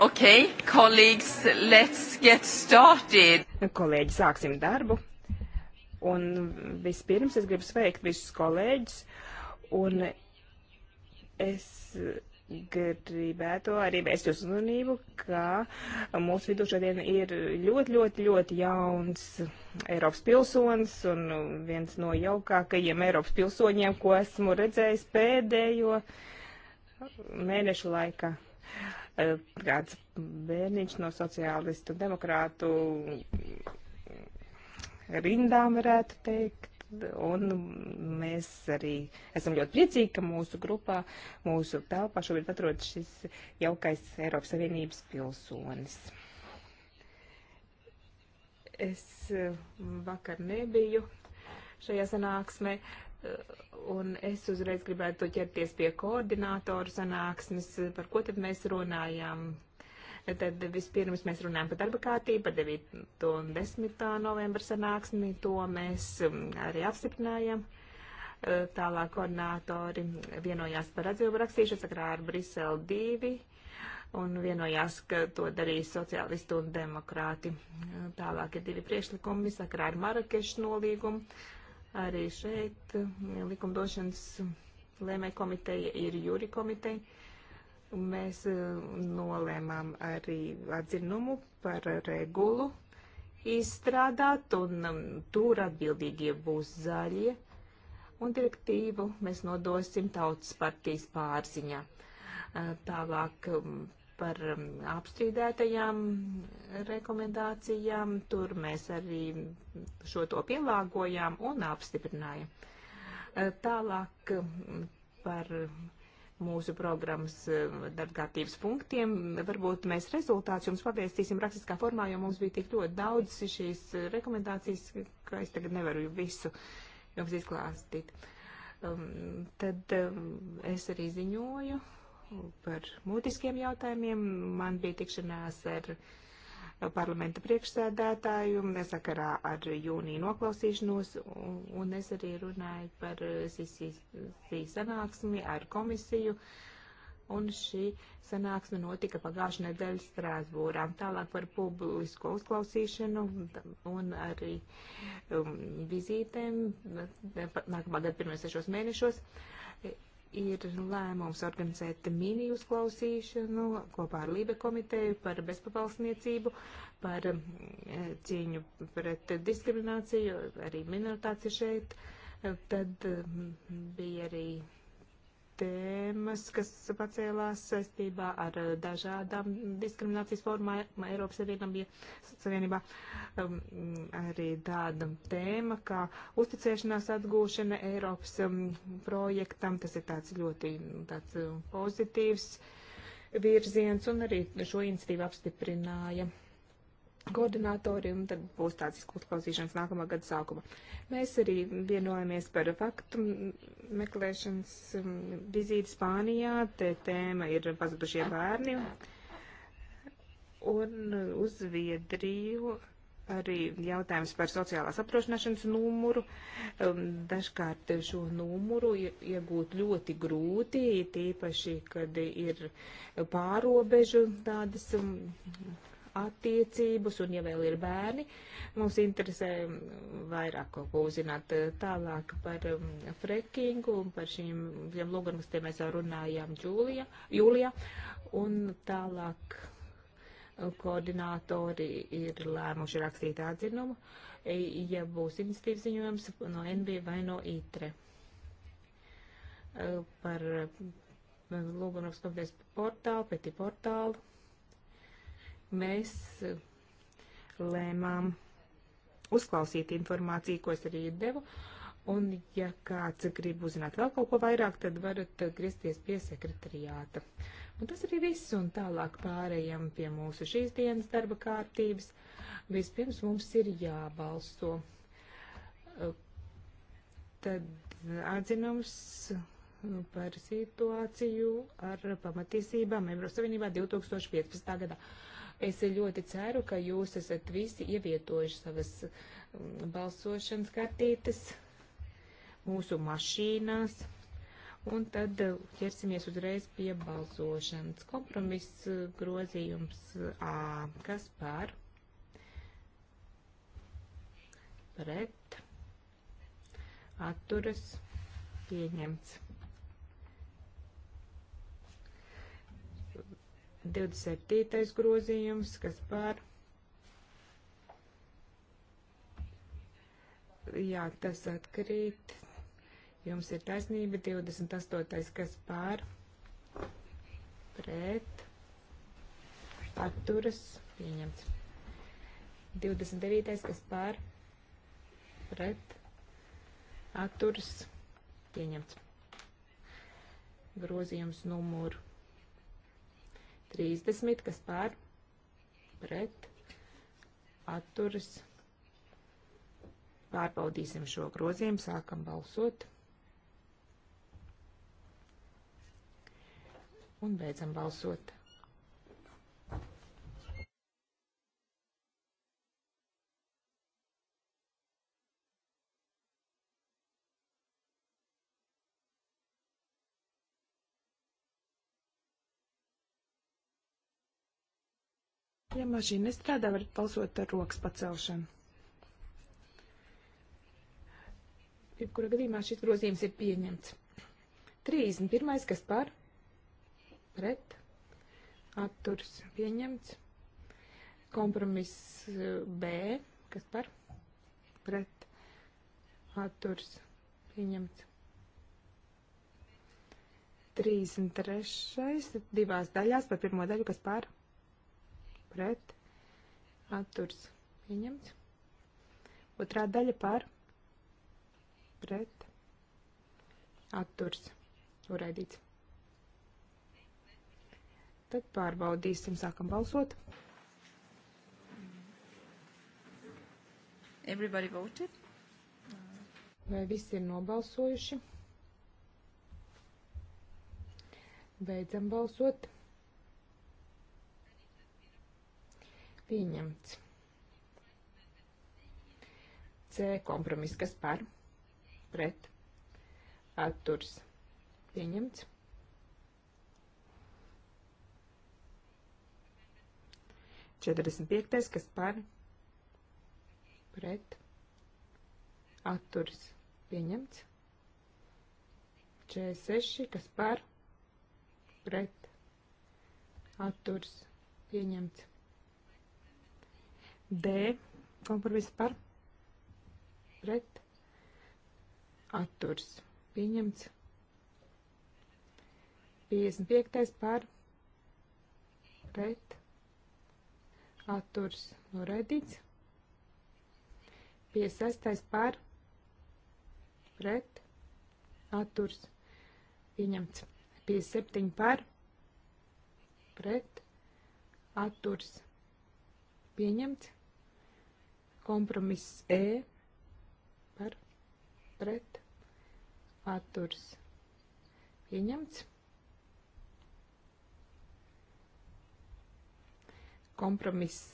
Okay, colleagues, let's get started. Kolēģi, sāksim darbu. Un vispirms es gribu sveikt visus kolēģus. Un es gribētu arī vēst jūs uzmanību, ka mūsu vidū šodien ir ļoti, ļoti, ļoti jauns Eiropas pilsonis un viens no jaukākajiem Eiropas pilsoņiem, ko esmu redzējis pēdējo mēnešu laikā kāds bērniņš no sociālistu demokrātu rindām, varētu teikt. Un mēs arī esam ļoti priecīgi, ka mūsu grupā, mūsu telpā šobrīd atrodas šis jaukais Eiropas Savienības pilsonis. Es vakar nebiju šajā sanāksmē, uh, Un es uzreiz gribētu ķerties pie koordinātoru sanāksmes, par ko tad mēs runājām. Tad vispirms mēs runājam par darba kārtību, par 9. un 10. novembra sanāksmi, to mēs um, arī apstiprinājam. Uh, tālāk koordinātori vienojās par atzīvu rakstīšanu sakrā ar Brisele 2 un vienojās, ka to darīs sociālisti un demokrāti. Uh, tālāk ir divi priekšlikumi sakrā ar Marakešu nolīgumu Arī šeit likumdošanas lēmē komiteja ir jūri komiteja. Mēs eh, nolēmām arī atzinumu par regulu izstrādāt, un um, tur atbildīgie būs zaļie, un direktīvu mēs nodosim tautas partijas pārziņā. Eh, tālāk um, par um, apstrīdētajām rekomendācijām. Tur mēs arī šo to pielāgojām un apstiprinājām. Uh, tālāk um, par mūsu programmas uh, darbkārtības punktiem. Varbūt mēs rezultātus jums pavēstīsim rakstiskā formā, jo mums bija tik ļoti daudz šīs uh, rekomendācijas, ka es tagad nevaru visu jums izklāstīt. Um, tad um, es arī ziņoju par mūtiskiem jautājumiem. Man bija tikšanās ar parlamenta priekšsēdētāju sakarā ar jūniju noklausīšanos, un es arī runāju par SISI sanāksmi ar komisiju. Un šī sanāksme notika pagājušajā nedēļā Strāsbūrā. Tālāk par publisko uzklausīšanu un arī um, vizītēm nākamā gada pirmajos sešos mēnešos. Uh, ir lēmums organizēt mini uzklausīšanu kopā ar Lībe komiteju par bezpavalsniecību, par mm, e, cīņu pret diskrimināciju, arī minoritāciju šeit. Tad mm, bija arī tēmas, kas pacēlās saistībā ar dažādām diskriminācijas formām Eiropas Savienībā. Um, arī tāda tēma kā uzticēšanās atgūšana Eiropas um, projektam. Tas ir tāds ļoti tāds um, pozitīvs virziens un arī šo iniciatīvu apstiprināja koordinātori, un tad būs tāds uzklausīšanas nākamā gada sākuma. Mēs arī vienojamies par faktu meklēšanas um, vizīti Spānijā, te tēma ir pazudušie bērni, un uz Viedriju arī jautājums par sociālās apdrošināšanas numuru. Um, dažkārt šo numuru iegūt ļoti grūti, tīpaši, kad ir pārobežu tādas um, attiecības, un ja vēl ir bērni, mums interesē vairāk kaut ko uzzināt tālāk par um, frekingu un par šīm lūgumstiem mēs jau runājām Džūlijā, jūlijā, un tālāk uh, koordinātori ir lēmuši rakstīt atzinumu, ja būs iniciatīvas ziņojums no NB vai no ITRE uh, par uh, lūgumrakstu komitejas portālu, peti portālu mēs eh, lēmām uzklausīt informāciju, ko es arī devu. Un, ja kāds grib uzzināt vēl kaut ko vairāk, tad varat eh, griezties pie sekretariāta. Un tas arī viss, un tālāk pārējām pie mūsu šīs dienas darba kārtības. Vispirms mums ir jābalso. Eh, tad atzinums par situāciju ar pamatiesībām Eiropas Savienībā 2015. gadā. Es ļoti ceru, ka jūs esat visi ievietojuši savas um, balsošanas kartītes mūsu mašīnās. Un tad uh, ķersimies uzreiz pie balsošanas. Kompromiss uh, grozījums uh, A. Kas par? Pret. Atturas. Pieņemts. 27. grozījums, kas par. Jā, tas atkrīt. Jums ir taisnība. 28. kas par. Pret. Atturas. Pieņemts. 29. kas par. Pret. Atturas. Pieņemts. Grozījums numuru 30, kas pār pret atturas. Pārbaudīsim šo grozījumu, sākam balsot. Un beidzam balsot. Ja mašīna nestrādā, varat balsot ar rokas pacelšanu. Jebkurā gadījumā šis grozījums ir pieņemts. 31. kas par? Pret. Atturs pieņemts. Kompromiss eh, B. Kas par? Pret. Atturs pieņemts. 33. divās daļās par pirmo daļu, kas par? pret atturs pieņemts. Otrā daļa par pret atturs noraidīts. Tad pārbaudīsim, sākam balsot. Everybody voted? Vai visi ir nobalsojuši? Beidzam balsot. pieņemts. C kompromiss, kas par, pret, atturs, pieņemts. Četrdesmit piektais, kas par, pret, atturs, pieņemts. Četrdesmit seši, kas par, pret, atturs, pieņemts. D kompromiss par pret atturs pieņemts. 55. par pret atturs noraidīts. 56. par pret atturs pieņemts. 57. par pret atturs pieņemts. Kompromiss E par pret atturs pieņemts. Kompromiss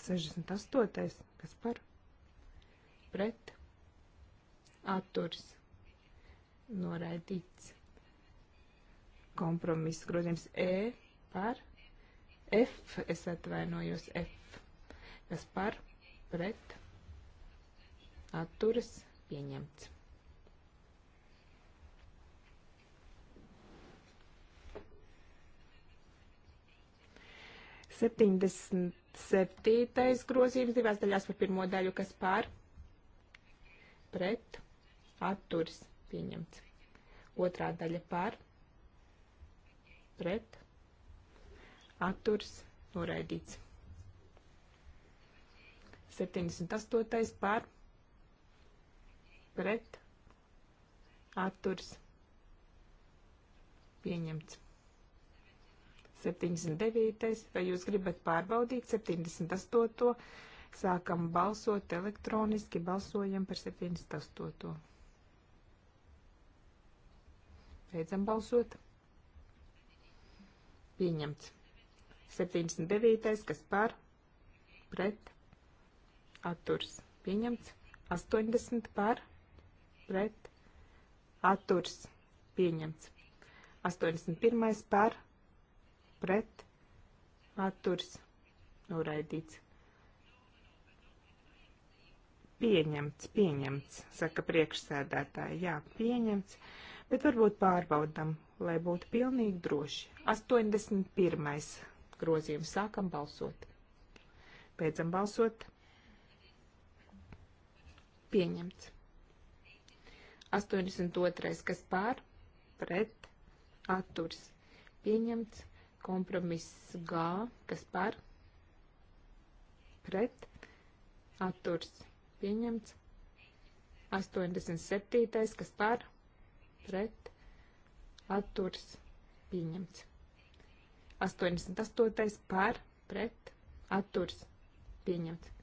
68. kas par pret atturs noraidīts. Kompromiss grozījums E par F, es atvainojos F kas par pret atturas pieņemts. Septiņdesmit septītais grozījums divās daļās par pirmo daļu, kas pār pret atturas pieņemts. Otrā daļa pār pret atturas noraidīts. 78. par pret atturs pieņemts. 79. Vai jūs gribat pārbaudīt 78. Sākam balsot elektroniski, balsojam par 78. Beidzam balsot. Pieņemts. 79. kas par pret atturs pieņemts, 80 par pret atturs pieņemts, 81 par pret atturs noraidīts. Pieņemts, pieņemts, saka priekšsēdētāji, jā, pieņemts, bet varbūt pārbaudam, lai būtu pilnīgi droši. 81. grozījums sākam balsot. Beidzam balsot. Pieņemts. 82. kas pār, pret, atturs. Pieņemts. Kompromiss G, kas pār, pret, atturs. Pieņemts. 87. kas pār, pret, atturs. Pieņemts. 88. pār, pret, atturs. Pieņemts.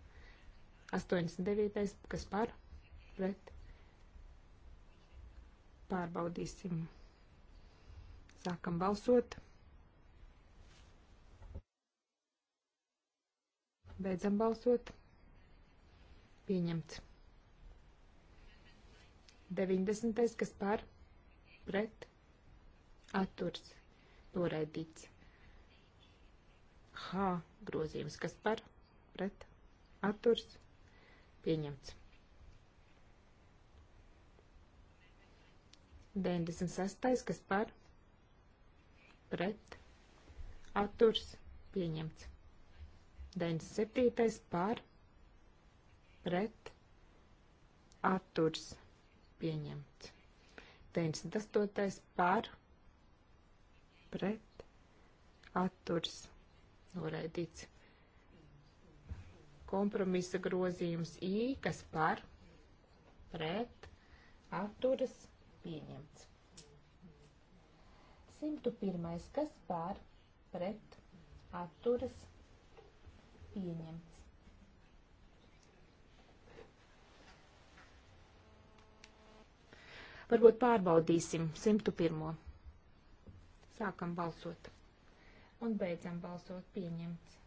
89. kas par pret. Pārbaudīsim. Sākam balsot. Beidzam balsot. Pieņemts. 90. kas par pret atturs noraidīts. H grozījums, kas par pret atturs Pieņemts. 96. kas par pret atturs pieņemts. 97. par pret atturs pieņemts. 98. par pret atturs noraidīts kompromisa grozījums I, kas par, pret, atturas, pieņemts. 101. kas par, pret, atturas, pieņemts. Varbūt pārbaudīsim 101. Sākam balsot. Un beidzam balsot pieņemts.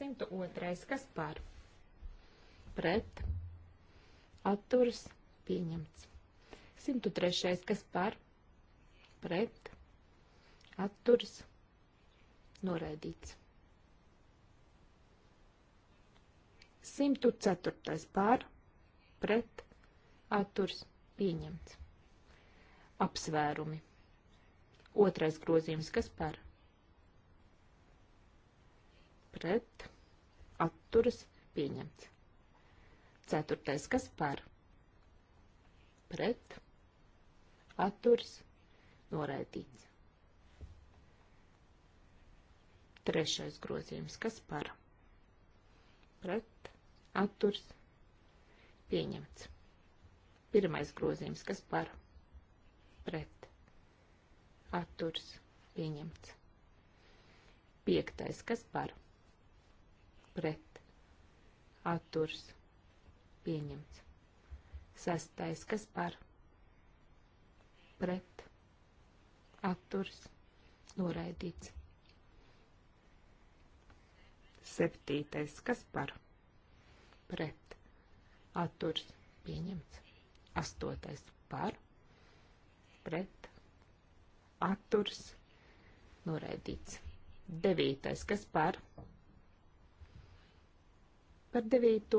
102. Kas par? Pret. Atturas. Pieņemts. 103. Kas par? Pret. Atturas. Noraidīts. 104. par. Pret. Atturs. Pieņemts. Apsvērumi. Otrais grozījums. Kas par? pret atturas pieņemts. Ceturtais, kas par pret atturas noraidīts. Trešais grozījums, kas par pret atturs pieņemts. Pirmais grozījums, kas par pret atturs pieņemts. Piektais, kas par pret pret atturs pieņemts. Sastais, kas par pret atturs noraidīts. Septītais, kas par pret atturs pieņemts. Astotais par pret atturs noraidīts. Devītais, kas par pret par devīto,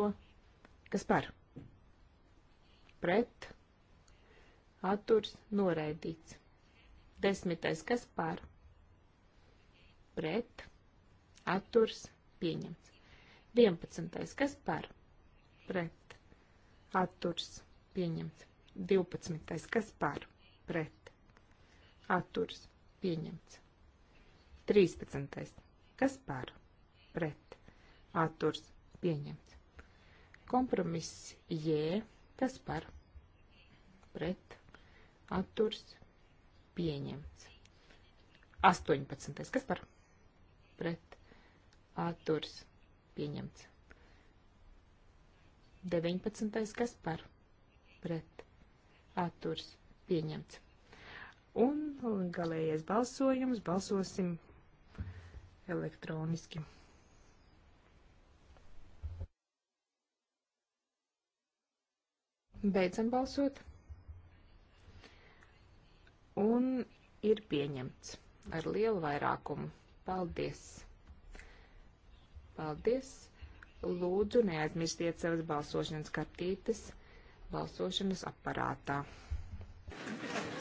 kas par pret atturs noraidīts. Desmitais, kas par pret atturs pieņemts. Vienpadsmitais, kas par pret atturs pieņemts. Divpadsmitais, kas par pret atturs pieņemts. Trīspadsmitais, kas par pret atturs pieņemts. Kompromiss J, kas par pret atturs pieņemts. 18. kas par pret atturs pieņemts. 19. kas par pret atturs pieņemts. Un galējais balsojums balsosim elektroniski. Beidzam balsot. Un ir pieņemts ar lielu vairākumu. Paldies! Paldies! Lūdzu, neaizmirstiet savas balsošanas kartītes balsošanas aparātā. Thank you.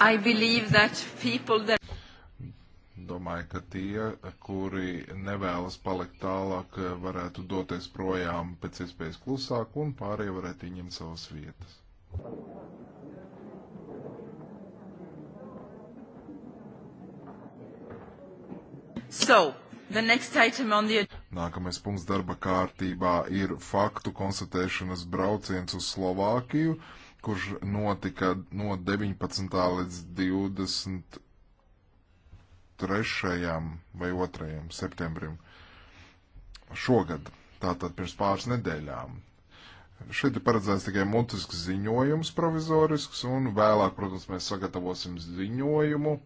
That... Domāju, ka tie, kuri nevēlas palikt tālāk, varētu doties projām pēc iespējas klusāk un pārējie varētu ieņemt savas vietas. So, the next item on the... Nākamais punkts darba kārtībā ir faktu konstatēšanas brauciens uz Slovākiju. Uh, kurš notika no 19. līdz 23. vai 2. septembrim šogad, tātad pirms pāris nedēļām. Šeit ir paredzēts tikai mutisks ziņojums provizorisks, un vēlāk, protams, mēs sagatavosim ziņojumu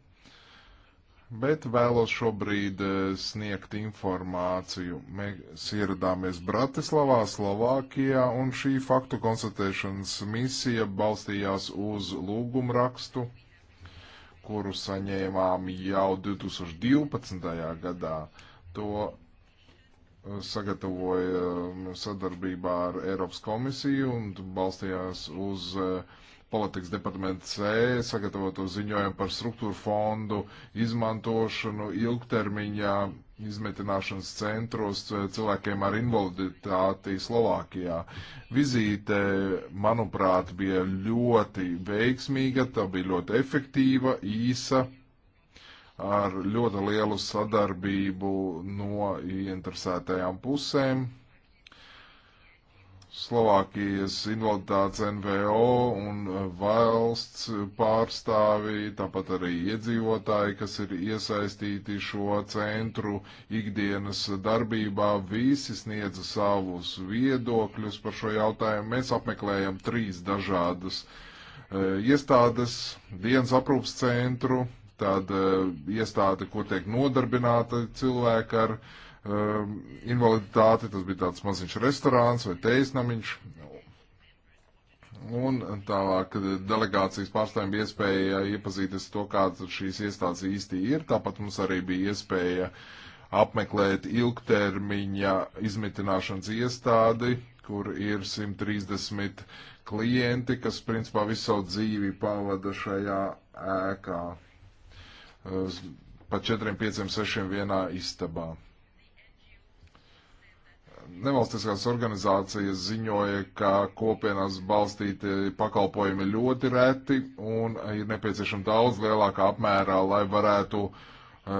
bet vēlos šobrīd eh, sniegt informāciju. Mēs ieradāmies Bratislavā, Slovākijā, un šī faktu konstatēšanas misija balstījās uz lūgumu rakstu, kuru saņēmām jau 2012. gadā. To eh, sagatavoja mm, sadarbībā ar Eiropas komisiju un balstījās uz uh, politikas departamenta C sagatavoto ziņojumu par struktūru fondu izmantošanu ilgtermiņā izmetināšanas centros eh, cilvēkiem ar invaliditāti Slovākijā. Vizīte, manuprāt, bija ļoti veiksmīga, tā bija ļoti efektīva, īsa, ar ļoti lielu sadarbību no ieinteresētajām pusēm. Slovākijas invaliditātes NVO un e, valsts pārstāvji, tāpat arī iedzīvotāji, kas ir iesaistīti šo centru ikdienas darbībā, visi sniedza savus viedokļus par šo jautājumu. Mēs apmeklējam trīs dažādas uh, iestādes, dienas aprūpas centru, tāda uh, e, iestāde, kur tiek nodarbināta cilvēka ar uh, um, ehm, invaliditāti, tas bija tāds maziņš restorāns vai teiznamiņš. Un tālāk delegācijas pārstāvjiem bija iespēja iepazīties to, kāds šīs iestādes īsti ir. Tāpat mums arī bija iespēja apmeklēt ilgtermiņa izmitināšanas iestādi, kur ir 130 klienti, kas principā visu savu dzīvi pavada šajā ēkā. Ehm, pa 4, 5, 6 vienā istabā nevalstiskās organizācijas ziņoja, ka kopienās balstīti pakalpojumi ļoti reti un ir nepieciešama daudz lielākā apmērā, lai varētu uh,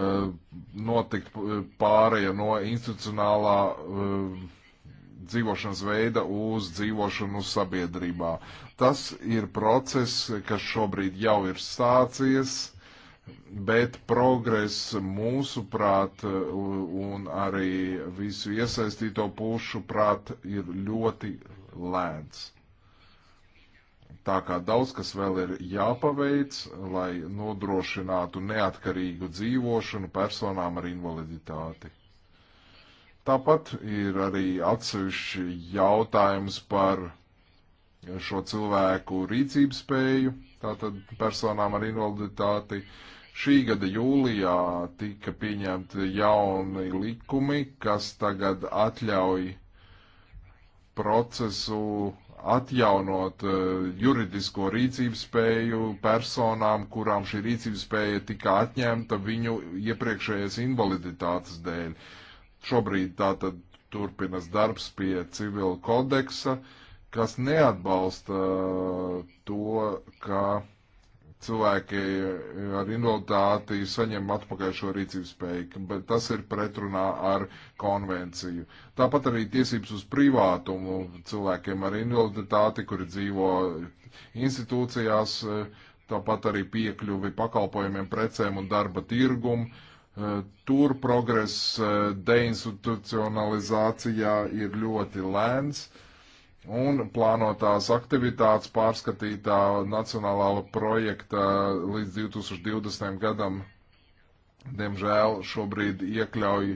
notikt e, pāreja no institucionālā uh, dzīvošanas veida uz dzīvošanu sabiedrībā. Tas ir process, kas šobrīd jau ir sācies bet progress mūsuprāt un arī visu iesaistīto pušu prāt ir ļoti lēns. Tā kā daudz kas vēl ir jāpaveic, lai nodrošinātu neatkarīgu dzīvošanu personām ar invaliditāti. Tāpat ir arī atsevišķi jautājums par šo cilvēku rīcības spēju, tātad personām ar invaliditāti, uh, Šī gada jūlijā tika pieņemti jauni likumi, kas tagad atļauj procesu atjaunot e, juridisko rīcības spēju personām, kurām šī rīcības spēja tika atņemta viņu iepriekšējās invaliditātes dēļ. Šobrīd tātad turpinas darbs pie civila kodeksa, kas neatbalsta e, to, ka cilvēki ar invaliditāti saņem atpakaļ šo rīcības spēju, bet tas ir pretrunā ar konvenciju. Tāpat arī tiesības uz privātumu cilvēkiem ar invaliditāti, kuri dzīvo institūcijās, tāpat arī piekļuvi pakalpojumiem, precēm un darba tirgumu. Tur progress eh, deinstitucionalizācijā ir ļoti lēns. Uh, un plānotās aktivitātes pārskatītā nacionālā projekta līdz 2020. gadam, diemžēl, šobrīd iekļauj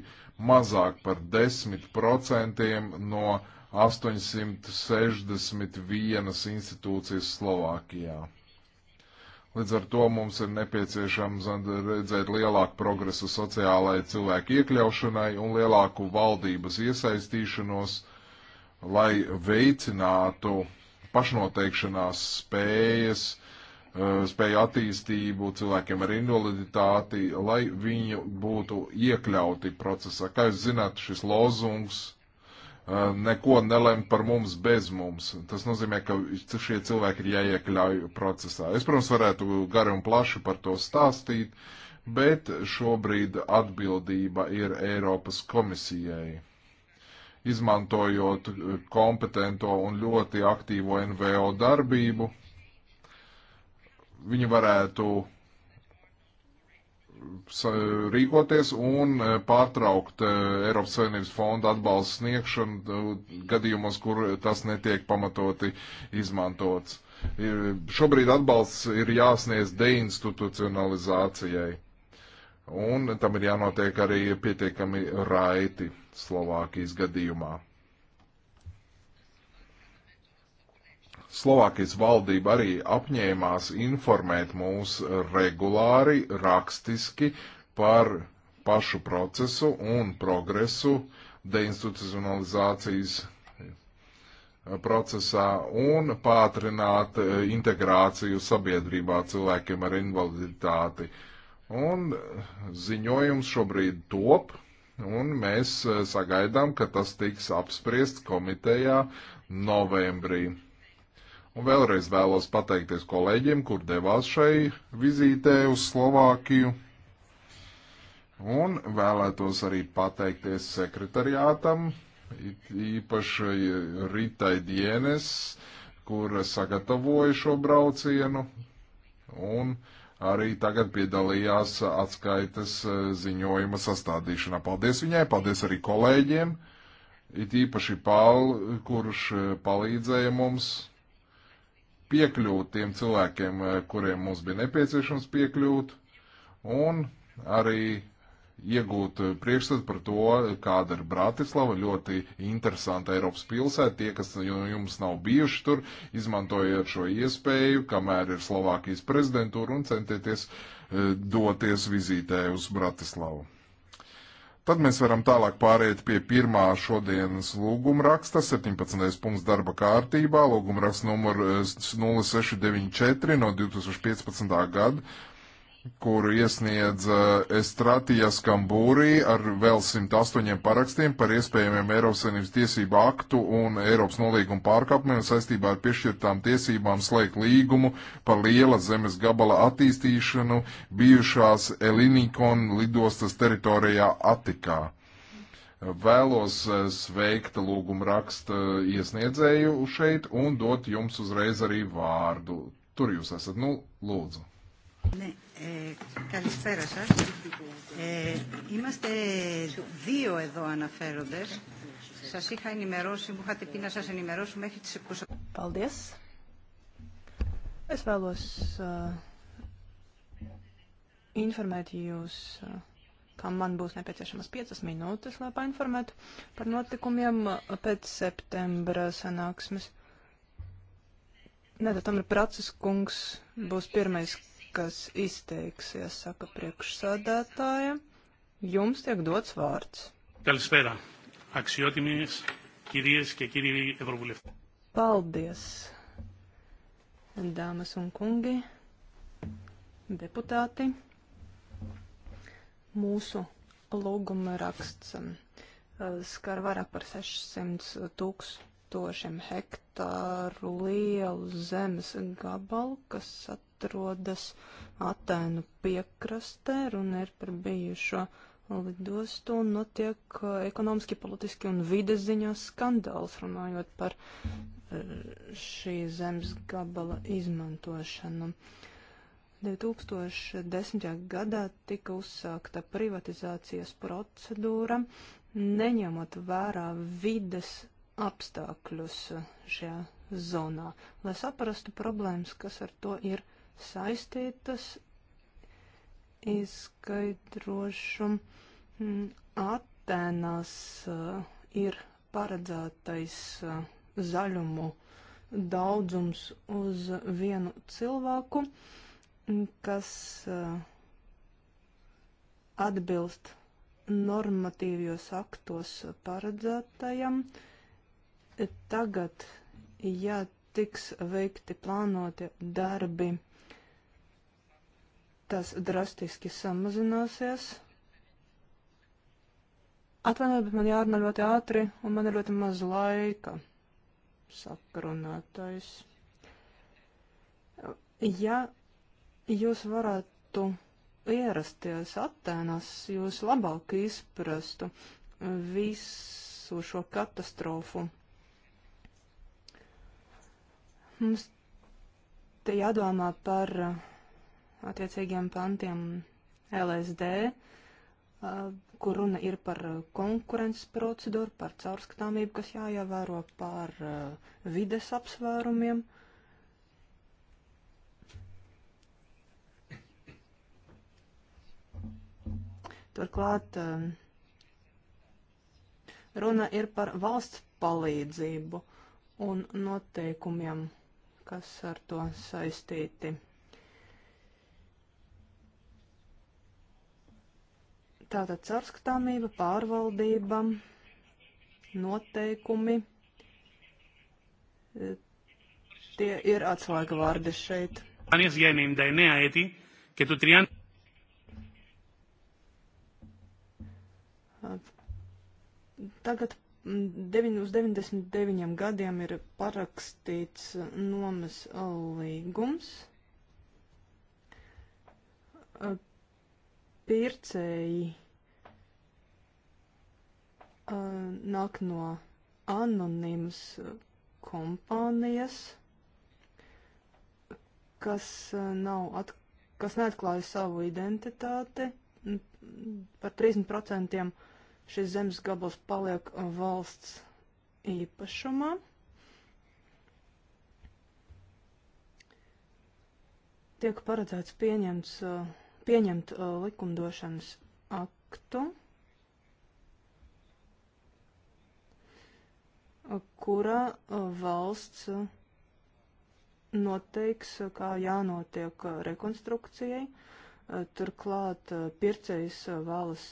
mazāk par 10% no 861 institūcijas Slovākijā. Līdz ar to mums ir nepieciešams redzēt lielāku progresu sociālajai cilvēku iekļaušanai un lielāku valdības iesaistīšanos uh, lai veicinātu pašnoteikšanās spējas, eh, spēju attīstību cilvēkiem ar invaliditāti, lai viņi būtu iekļauti procesā. Kā jūs zināt, šis lozungs eh, neko nelem par mums bez mums. Tas nozīmē, ka šie cilvēki ir jāiekļauj procesā. Es, protams, varētu gari un plaši par to stāstīt, bet šobrīd atbildība ir Eiropas komisijai izmantojot kompetento un ļoti aktīvo NVO darbību, viņi varētu rīkoties un e, pārtraukt e, Eiropas Savienības fonda atbalstu sniegšanu gadījumos, kur tas netiek pamatoti izmantots. Šobrīd atbalsts ir jāsniedz deinstitucionalizācijai. Un tam ir jānotiek arī pietiekami raiti Slovākijas gadījumā. Slovākijas valdība arī apņēmās informēt mūs regulāri, rakstiski par pašu procesu un progresu deinstitucionalizācijas procesā un pātrināt integrāciju sabiedrībā cilvēkiem ar invaliditāti. Uh, Un ziņojums šobrīd top, un mēs e, sagaidām, ka tas tiks apspriests komitejā novembrī. Un vēlreiz vēlos pateikties kolēģiem, kur devās šai vizītē uz Slovākiju. Un vēlētos arī pateikties sekretariātam, īpaši Ritai Dienes, kur sagatavoja šo braucienu. Un uh, arī tagad piedalījās atskaites e, ziņojuma sastādīšanā. Paldies viņai, paldies arī kolēģiem, it īpaši Pāl, kurš e, palīdzēja mums piekļūt tiem cilvēkiem, e, kuriem mums bija nepieciešams piekļūt, un arī iegūt eh, priekšstatu par to, kāda ir Bratislava, ļoti interesanta Eiropas pilsēta. Tie, kas jums nav bijuši tur, izmantojiet šo iespēju, kamēr ir Slovākijas prezidentūra un centieties eh, doties vizītē uz Bratislavu. Tad mēs varam tālāk pāriet pie pirmā šodienas lūgumraksta, 17. punkts darba kārtībā, lūgumraksts numur 0694 eh, no 2015. gada kuru iesniedza Estratijas Kambūrī ar vēl 108 parakstiem par iespējamiem Eiropas Savienības tiesību aktu un Eiropas nolīgumu pārkāpumiem saistībā ar piešķirtām tiesībām slēgt līgumu par liela zemes gabala attīstīšanu bijušās Elinikon lidostas teritorijā Atikā. Vēlos eh, sveikt lūgumu raksta iesniedzēju šeit un dot jums uzreiz arī vārdu. Tur jūs esat, nu, lūdzu. Ναι, ε, καλησπέρα σας. Ε, είμαστε δύο εδώ αναφέροντες. Σας είχα ενημερώσει, μου είχατε πει να σας ενημερώσω μέχρι τις 20. Paldies. Es vēlos uh, informēt jūs, uh, ka man būs nepieciešamas 5 minūtes, lai painformētu par notikumiem e, pēc septembra sanāksmes. Nē, tad tam ir Pracis kungs, būs pirmais, kas izteiksies, saka priekšsādātāja. Jums tiek dots vārds. Καλησπέρα, αξιότιμες κυρίες και κύριοι Ευρωβουλευτές. Paldies, dāmas un kungi, deputāti. Mūsu lūguma raksts um, skar vairāk par 600 tūkstošiem hektāru lielu zemes gabalu, kas atrodas atrodas Atēnu piekrastē, runa ir par bijušo lidostu un notiek nu eh, ekonomiski, politiski un vides ziņā skandāls, runājot par eh, šī zemes gabala izmantošanu. 2010. gadā tika uzsākta privatizācijas procedūra, neņemot vērā vides apstākļus šajā zonā, lai saprastu problēmas, kas ar to ir saistīts saistītas, izskaidrošu. Mm, Atenās eh, ir paredzētais eh, zaļumu daudzums uz vienu cilvēku, mm, kas eh, atbilst normatīvos aktos paredzētajam. Tagad, ja tiks veikti plānotie darbi, tas drastiski samazināsies. Atvainojiet, bet man jārunā ļoti ātri, un man ir ļoti maz laika, saka runātājs. Ja jūs varētu ierasties Atēnās, jūs labāk izprastu visu šo katastrofu. Mums te jādomā par uh, attiecīgiem pantiem LSD, kur runa ir par konkurences procedūru, par caurskatāmību, kas jāievēro, par vides apsvērumiem. Turklāt runa ir par valsts palīdzību un noteikumiem, kas ar to saistīti. Tātad caurskatāmība, pārvaldība, noteikumi. E, tie ir atslēga vārdi šeit. Tagad 9 uz 99 gadiem ir parakstīts nomas līgums pircēji uh, nāk no anonīmas kompānijas, kas uh, nav at, kas neatklāja savu identitāti. Par 30% šis zemes gabals paliek uh, valsts īpašumā. Tiek paredzēts pieņemts uh, pieņemt uh, likumdošanas aktu, kura uh, valsts uh, noteiks, uh, kā jānotiek uh, rekonstrukcijai. Turklāt pircējs vēlas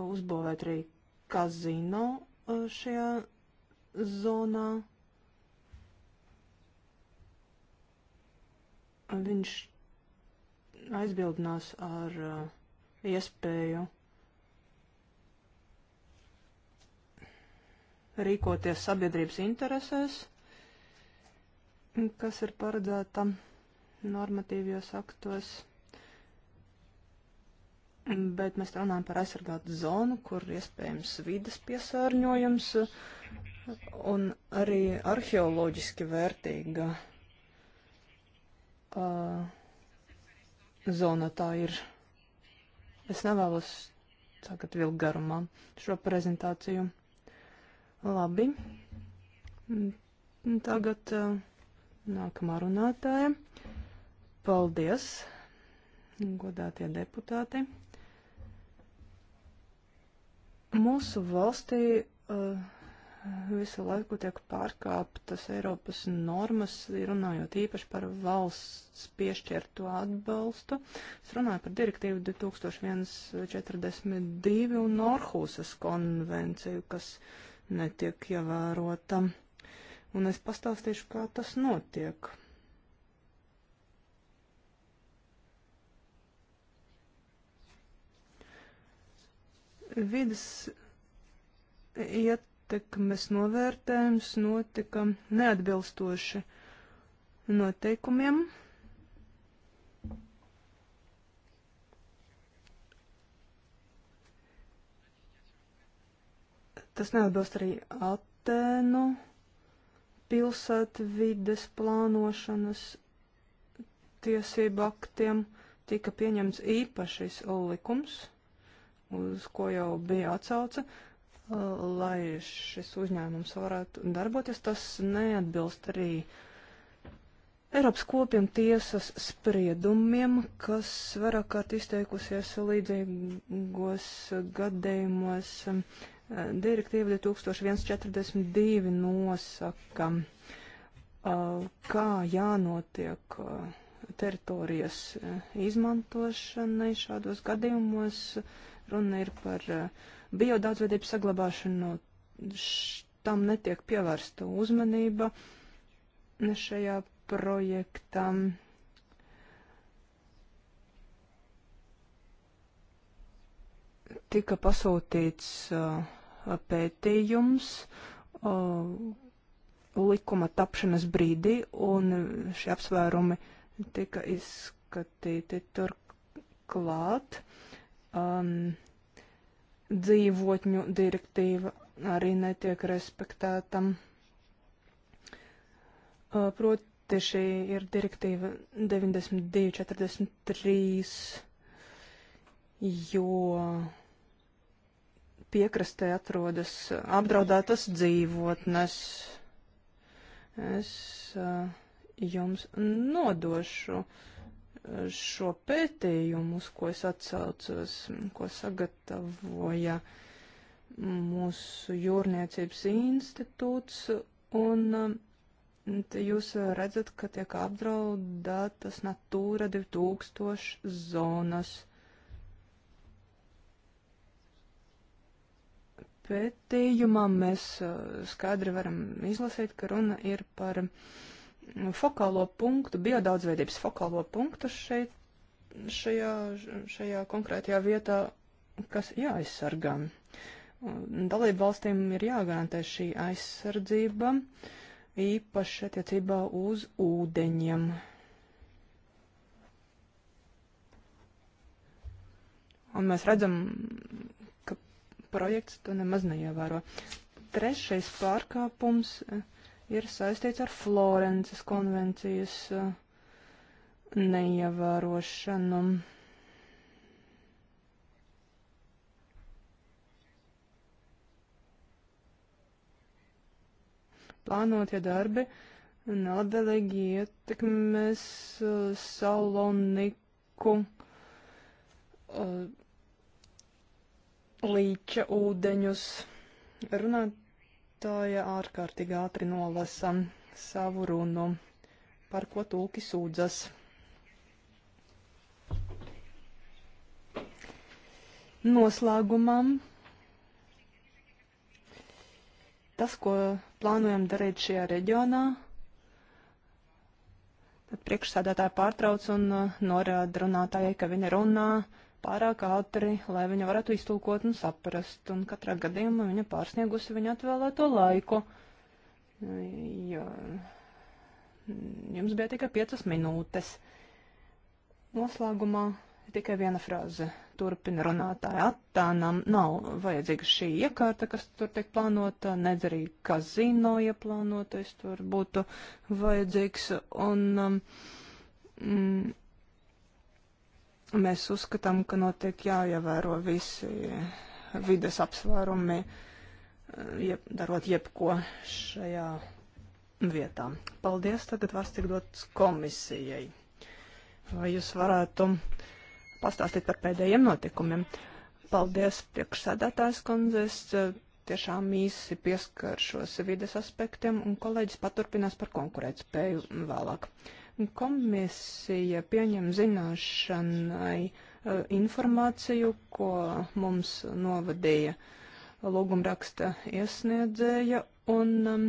uzbūvēt arī kazino šajā zonā. Viņš aizbildinās ar uh, iespēju rīkoties sabiedrības interesēs, kas ir paredzēta normatīvajos aktos. Bet mēs runājam par aizsargātu zonu, kur iespējams vidas piesārņojums un arī arheoloģiski vērtīga uh, zona tā ir. Es nevēlos tagad vilkt garumā šo prezentāciju. Labi. Tagad uh, nākamā runātāja. Paldies, godātie deputāti. Mūsu valstī uh, visu laiku tiek pārkāptas Eiropas normas, runājot īpaši par valsts piešķirto atbalstu. Es runāju par direktīvu 2142 un Orhusas konvenciju, kas netiek ievērota. Un es pastāstīšu, kā tas notiek. Vides iet ietekmes novērtējums notika neatbilstoši noteikumiem. Tas neatbilst arī Atēnu pilsētvides plānošanas tiesību aktiem. Tika pieņemts īpašais likums, uz ko jau bija atsauce, Uh, lai šis uzņēmums varētu darboties, tas neatbilst arī Eiropas kopiem tiesas spriedumiem, kas vairāk kārt izteikusies līdzīgos gadījumos. Uh, direktīva 2142 nosaka, uh, kā jānotiek teritorijas izmantošanai šādos gadījumos. Runa ir par uh, biodaudzveidības saglabāšanu, tam netiek pievērsta uzmanība šajā projektā. Tika pasūtīts uh, pētījums uh, likuma tapšanas brīdī, un šie apsvērumi tika izskatīti turklāt. Um, dzīvotņu direktīva arī netiek respektēta. Proti šī ir direktīva 92.43, jo piekrastē atrodas apdraudētas dzīvotnes. Es jums nodošu uh, šo pētījumu, uz ko es atsaucos, ko sagatavoja mūsu jūrniecības institūts, un um, jūs redzat, ka tiek apdraudētas Natūra 2000 zonas. Pētījumā mēs uh, skaidri varam izlasīt, ka runa ir par uh, Nu, fokālo punktu, biodaudzveidības fokālo punktu šeit, šajā, šajā konkrētajā vietā, kas jāaizsargā. Dalību valstīm ir jāgarantē šī aizsardzība, īpaši attiecībā uz ūdeņiem. Un mēs redzam, ka projekts to nemaz neievēro. Trešais pārkāpums. Uh, ir saistīts ar Florences konvencijas uh, neievērošanu. Plānotie darbi nelabvēlīgi ietekmēs uh, Saloniku uh, līča ūdeņus. Runāt runātāja ārkārtīgi ātri nolasa savu runu, par ko tulki sūdzas. Noslēgumam tas, ko plānojam darīt šajā reģionā, tad priekšsādātāja pārtrauc un uh, norāda runātājai, ka viņa runā pārāk ātri, lai viņa varētu iztulkot un saprast, un katrā gadījumā viņa pārsniegusi viņa atvēlēto laiku, jo jums bija tikai piecas minūtes. Noslēgumā tikai viena frāze. Turpina runātāja. Attānam nav vajadzīga šī iekārta, kas tur tiek plānota, nedz arī kazino ieplānotais tur būtu vajadzīgs. Un um, mm, Mēs uzskatām, ka notiek jāievēro visi vides apsvērumi, jeb, darot jebko šajā vietā. Paldies, tagad vārds tiek dots komisijai. Vai jūs varētu pastāstīt par pēdējiem notikumiem? Paldies, priekšsēdētājs kundzes. E, tiešām īsi pieskaršos vides aspektiem, un kolēģis paturpinās par konkurētspēju vēlāk. Uh, Komisija pieņem zināšanai eh, informāciju, ko mums novadīja lūgumraksta iesniedzēja, un um,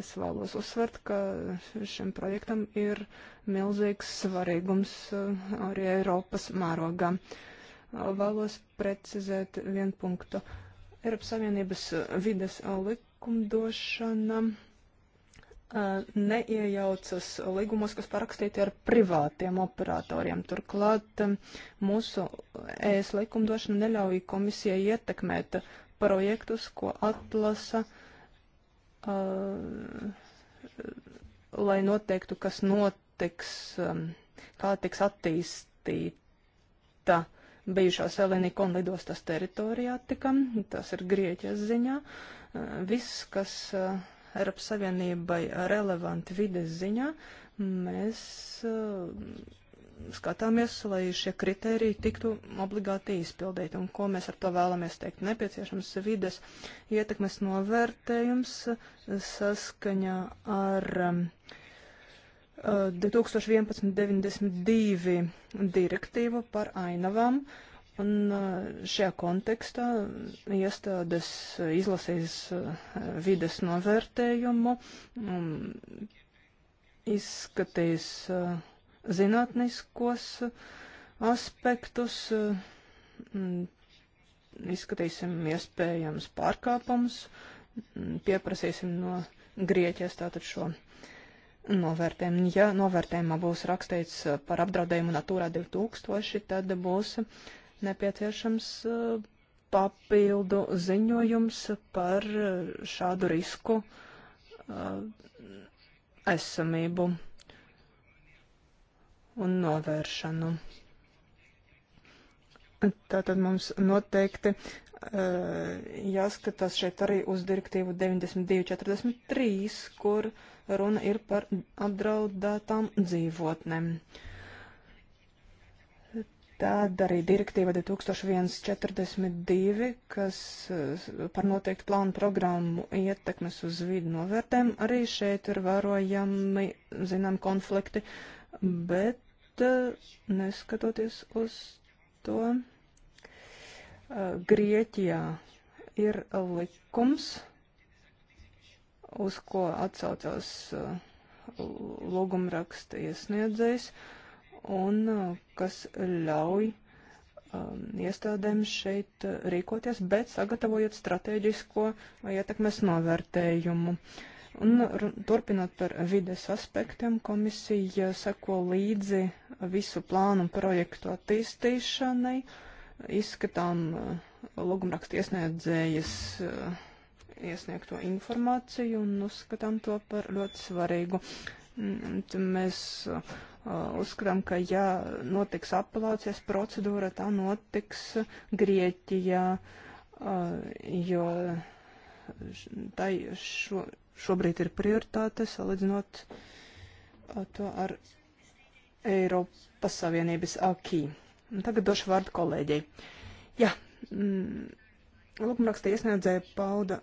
es vēlos uzsvert, ka šim projektam ir milzīgs svarīgums eh, arī Eiropas mērogā. Vēlos precizēt vienu punktu. Eiropas Savienības vides likumdošana neiejaucas līgumos, kas parakstīti ar privātiem operatoriem. Turklāt mūsu ES likumdošana neļauj komisijai ietekmēt projektus, ko atlasa, lai noteiktu, kas notiks, kā tiks attīstīta bijušās Elinikon lidostas teritorijā tikam, tas ir Grieķijas ziņā. Viss, kas uh, Eiropas Savienībai relevanti vides ziņā, mēs eh, skatāmies, lai šie kriteriji tiktu obligāti izpildīti. Un ko mēs ar to vēlamies teikt? Nepieciešams vides ietekmes novērtējums eh, saskaņā ar eh, 2011.92 direktīvu par ainavām. Uh, Un šajā kontekstā iestādes izlasīs vides novērtējumu, izskatīs zinātniskos aspektus, izskatīsim iespējams pārkāpums, pieprasīsim no Grieķijas tātad šo novērtējumu. Ja novērtējumā būs rakstīts par apdraudējumu Natūrā 2000, tad būs uh, nepieciešams eh, papildu ziņojums par eh, šādu risku eh, esamību un novēršanu. Tātad mums noteikti jāskatās šeit arī uz direktīvu 9243, kur runa ir par apdraudētām dzīvotnēm. Uh, Tad arī direktīva 2142, kas eh, par noteiktu plānu programmu ietekmes uz vidu novērtēm, arī šeit ir vērojami, zinām, konflikti, bet eh, neskatoties uz to, eh, Grieķijā ir likums, uz ko atsaucās lūgumraksta iesniedzējs. Uh, un uh, kas ļauj um, iestādēm šeit uh, rīkoties, bet sagatavojot strateģisko ietekmes novērtējumu. Un turpinot par vides aspektiem, komisija seko līdzi visu plānu projektu attīstīšanai, izskatām uh, lūgumrakstu iesniedzējas iesniegto informāciju un uzskatām to par ļoti svarīgu. Uh, Mm, mēs uh, uzskatām, ka ja notiks apelācijas procedūra, tā notiks Grieķijā, uh, jo tai šo, šobrīd ir prioritāte salīdzinot uh, to ar Eiropas Savienības akī. Tagad došu vārdu kolēģei. Jā, mm, lūgumraksta iesniedzēja pauda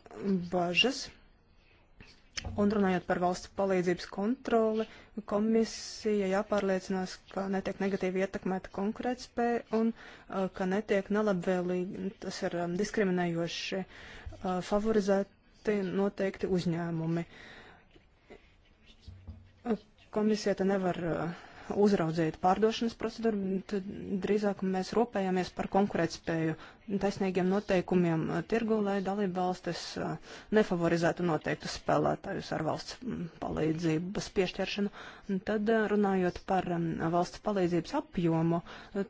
bažas Un runājot par valsts palīdzības kontroli, komisija jāpārliecinās, ka netiek negatīvi ietekmēta konkurētspēja un uh, ka netiek nelabvēlīgi, tas ir um, diskriminējoši, uh, favorizēti noteikti uzņēmumi. Uh, komisija te nevar uzraudzīt pārdošanas procedūru, tad drīzāk mēs rūpējamies par konkurētspēju taisnīgiem noteikumiem tirgu, lai dalība valstis uh, nefavorizētu noteiktus spēlētājus ar valsts mm, palīdzības piešķiršanu. Tad uh, runājot par um, valsts palīdzības apjomu,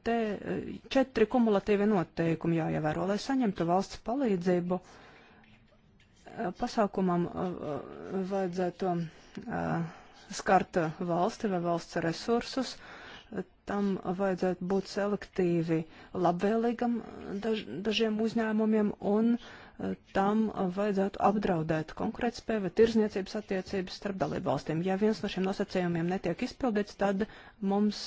te uh, četri kumulatīvi noteikumi jāievēro, lai saņemtu valsts palīdzību. Pasākumam vajadzētu. Uh, skart eh, valsti vai valsts resursus, tam vajadzētu būt selektīvi labvēlīgam eh, daž, dažiem uzņēmumiem un eh, tam vajadzētu apdraudēt konkurētspēju vai tirzniecības attiecības starp dalībvalstīm. Ja viens no šiem nosacījumiem netiek izpildīts, tad mums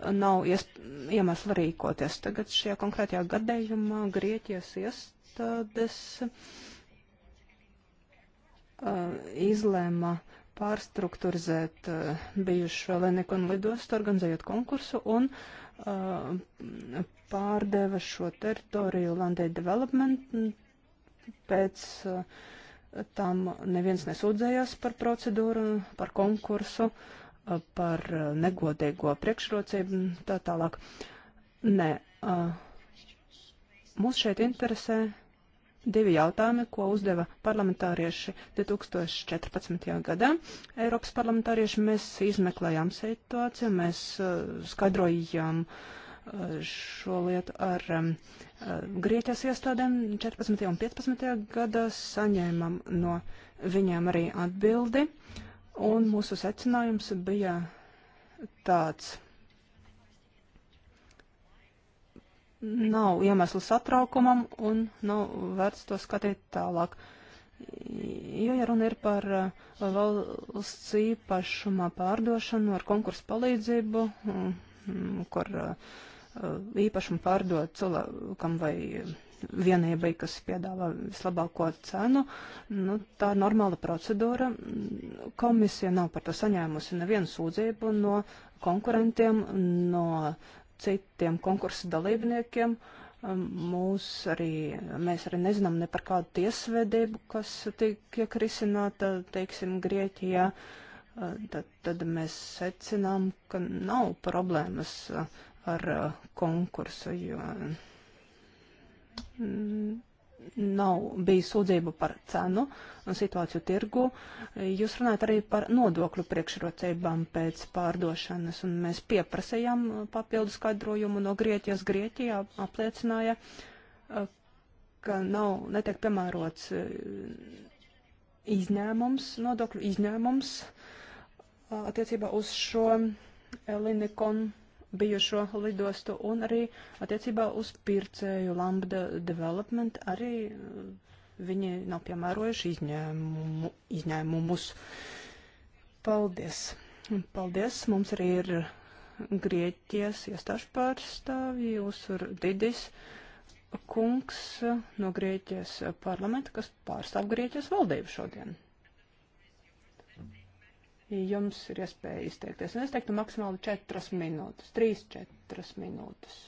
nav iemesla rīkoties. Tagad šajā konkrētajā gadījumā Grieķijas iestādes uh, izlēma uh, pārstrukturizēt uh, eh, bijušo Lenikonu lidostu, organizējot konkursu un uh, pārdeva šo teritoriju Landai Development. Pēc uh, tam neviens nesūdzējās par procedūru, par konkursu, uh, par uh, negodīgo priekšrocību un tā tālāk. Nē, uh, mūs šeit interesē divi jautājumi, ko uzdeva parlamentārieši 2014. gadā. Eiropas parlamentārieši mēs izmeklējām situāciju, mēs uh, skaidrojām uh, šo lietu ar um, Grieķijas iestādēm 14. un 15. gadā, saņēmām no viņiem arī atbildi, un mūsu secinājums bija tāds nav iemeslu satraukumam un nav vērts to skatīt tālāk. Jo, ja runa ir par uh, valsts īpašumā pārdošanu ar konkursu palīdzību, mm, kur uh, uh, īpašumu pārdod cilvēkam vai vienībai, kas piedāvā vislabāko cenu. Nu, tā ir normāla procedūra. Komisija nav par to saņēmusi nevienu sūdzību no konkurentiem, no citiem konkursu dalībniekiem. Um, mūs arī, mēs arī nezinām ne par kādu tiesvedību, kas tiek risināta, teiksim, Grieķijā. Uh, tad, tad mēs secinām, ka nav problēmas uh, ar uh, konkursu, jo mm, nav bijis sūdzību par cenu un situāciju tirgu. Jūs runājat arī par nodokļu priekšrocībām pēc pārdošanas, un mēs pieprasījām papildu skaidrojumu no Grieķijas. Grieķija apliecināja, eh, ka nav, netiek piemērots eh, izņēmums, nodokļu izņēmums eh, attiecībā uz šo Elinikonu bijušo lidostu un arī attiecībā uz pircēju Lambda Development arī eh, viņi nav piemērojuši izņēmumu, izņēmumus. Paldies! Paldies! Mums arī ir Grieķijas iestāžu pārstāvji, uzsver Didis kungs no Grieķijas parlamenta, kas pārstāv Grieķijas valdību šodien jums ir iespēja izteikties. Un es teiktu maksimāli 4 minūtes, 3-4 minūtes.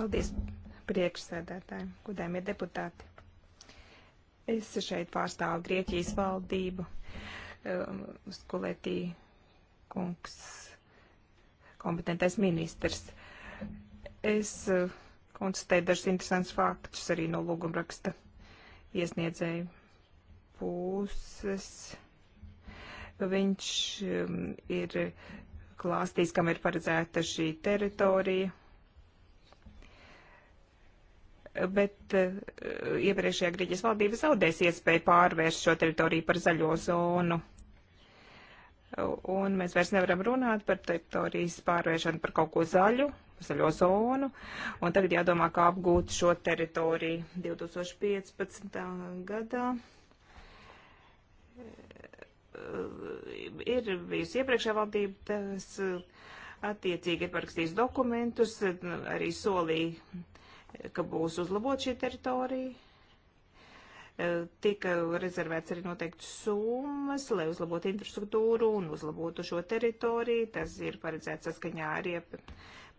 Paldies priekšsēdētājiem, kudējumie deputāti. Es šeit pārstāvu Grieķijas valdību, e, skolētī kungs, kompetentais ministrs. Es e, konstatēju dažus interesants faktus arī no lūgumraksta. raksta iesniedzēju puses. Viņš um, ir klāstījis, kam ir paredzēta šī teritorija. Bet uh, iepriekšējā Grieķijas valdība zaudēs iespēju pārvērst šo teritoriju par zaļo zonu. Un mēs vairs nevaram runāt par teritorijas pārvēršanu par kaut ko zaļu, zaļo zonu, un tagad jādomā, kā apgūt šo teritoriju 2015. gadā. Eh, ir bijusi iepriekšējā valdība, tas eh, attiecīgi ir parakstījis dokumentus, arī solīja, eh, ka būs uzlabot šī teritorija tika rezervēts arī noteikts summas, lai uzlabotu infrastruktūru un uzlabotu šo teritoriju. Tas ir paredzēts saskaņā arī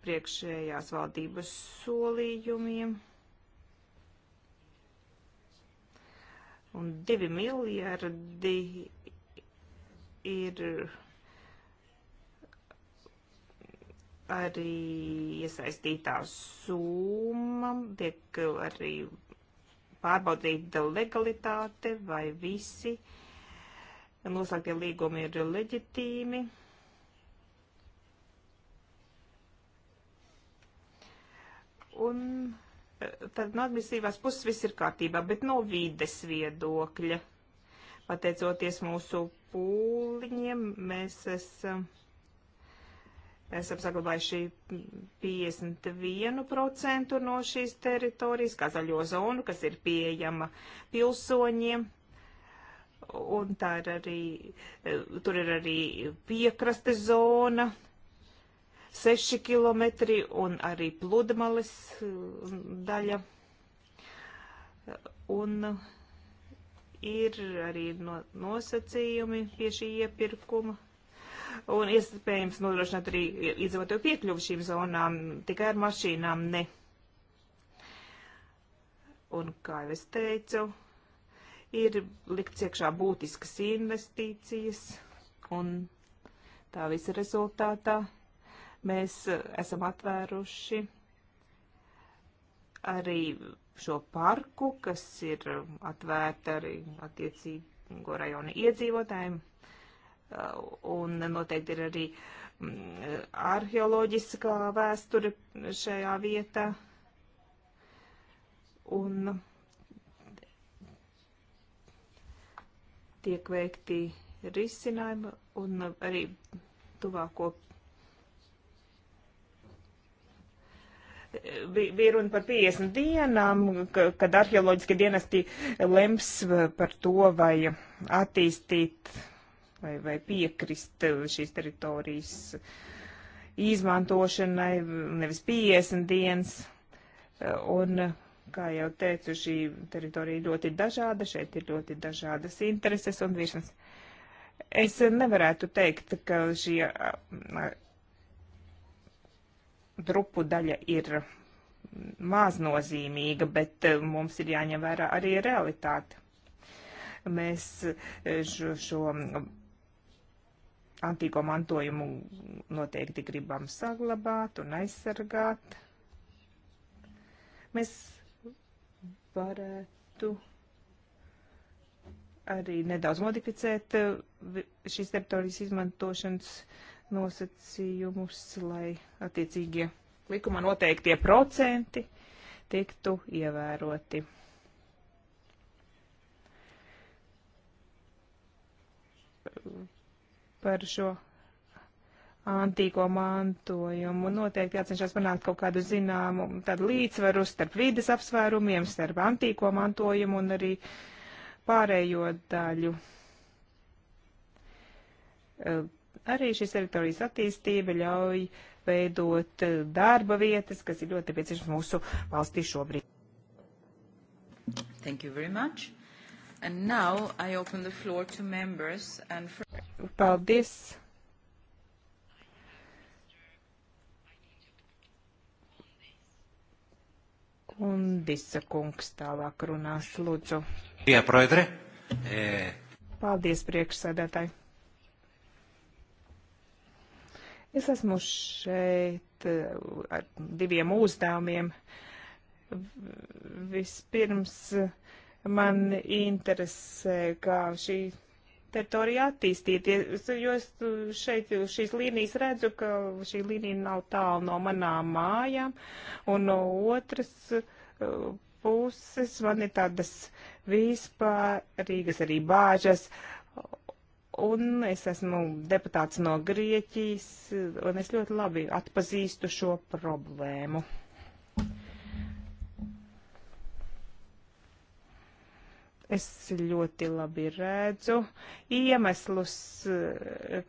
priekšējās valdības solījumiem. Un divi miljardi ir arī iesaistītā summa, tiek arī pārbaudīta legalitāte, vai visi noslēgtie līgumi ir leģitīmi. Un e, tad no administratīvās puses viss ir kārtībā, bet no vides viedokļa, pateicoties mūsu pūliņiem, mēs esam, esam saglabājuši 51% no šīs teritorijas, kā zaļo zonu, kas ir pieejama pilsoņiem. Un tā ir arī, e, tur ir arī piekrastes zona, 6 km un arī pludmales uh, daļa. Un ir arī no, nosacījumi pie šī iepirkuma. Un iespējams nodrošināt arī iedzīvotāju piekļuvu šīm zonām tikai ar mašīnām, ne. Un, kā jau es teicu, ir likts iekšā būtiskas investīcijas, un tā visa rezultātā Mēs eh, esam atvēruši arī šo parku, kas ir atvērta arī attiecīgo rajonu iedzīvotājiem. Eh, un noteikti ir arī mm, arheoloģiskā vēsture šajā vietā. Un tiek veikti risinājumi un arī tuvāko bija, bija runa par 50 dienām, kad arheoloģiski dienesti lems par to, vai attīstīt vai, vai piekrist šīs teritorijas izmantošanai, nevis 50 dienas. Un, kā jau teicu, šī teritorija ļoti dažāda, šeit ir ļoti dažādas intereses un višanas. Es nevarētu teikt, ka šie trupu daļa ir maznozīmīga, bet eh, mums ir jāņem vērā arī realitāte. Mēs eh, šo, šo mm, antīko mantojumu noteikti gribam saglabāt un aizsargāt. Mēs varētu arī nedaudz modificēt eh, šīs teritorijas izmantošanas uh, nosacījumus, lai attiecīgie likumā noteiktie procenti tiktu ievēroti. Par šo antīko mantojumu. Noteikti jācenšas panākt kaut kādu zināmu tādu līdzsvaru starp vīdes apsvērumiem, starp antīko mantojumu un arī pārējo daļu. Arī šīs teritorijas attīstība ļauj veidot eh, darba vietas, kas ir ļoti nepieciešams mūsu valstī šobrīd. Thank you very much. And now I open the floor to members and for... Paldies. Un Disa kungs tālāk runās, lūdzu. Jā, proedre. E... Paldies, priekšsēdētāji. Es esmu šeit eh, ar diviem uzdevumiem. Vispirms man interesē, kā šī teritorija attīstīties, jo es šeit šīs līnijas redzu, ka šī līnija nav tālu no manām mājām, un no otras eh, puses man ir tādas vispārīgas arī bāžas Un es esmu deputāts no Grieķijas, un es ļoti labi atpazīstu šo problēmu. Es ļoti labi redzu iemeslus,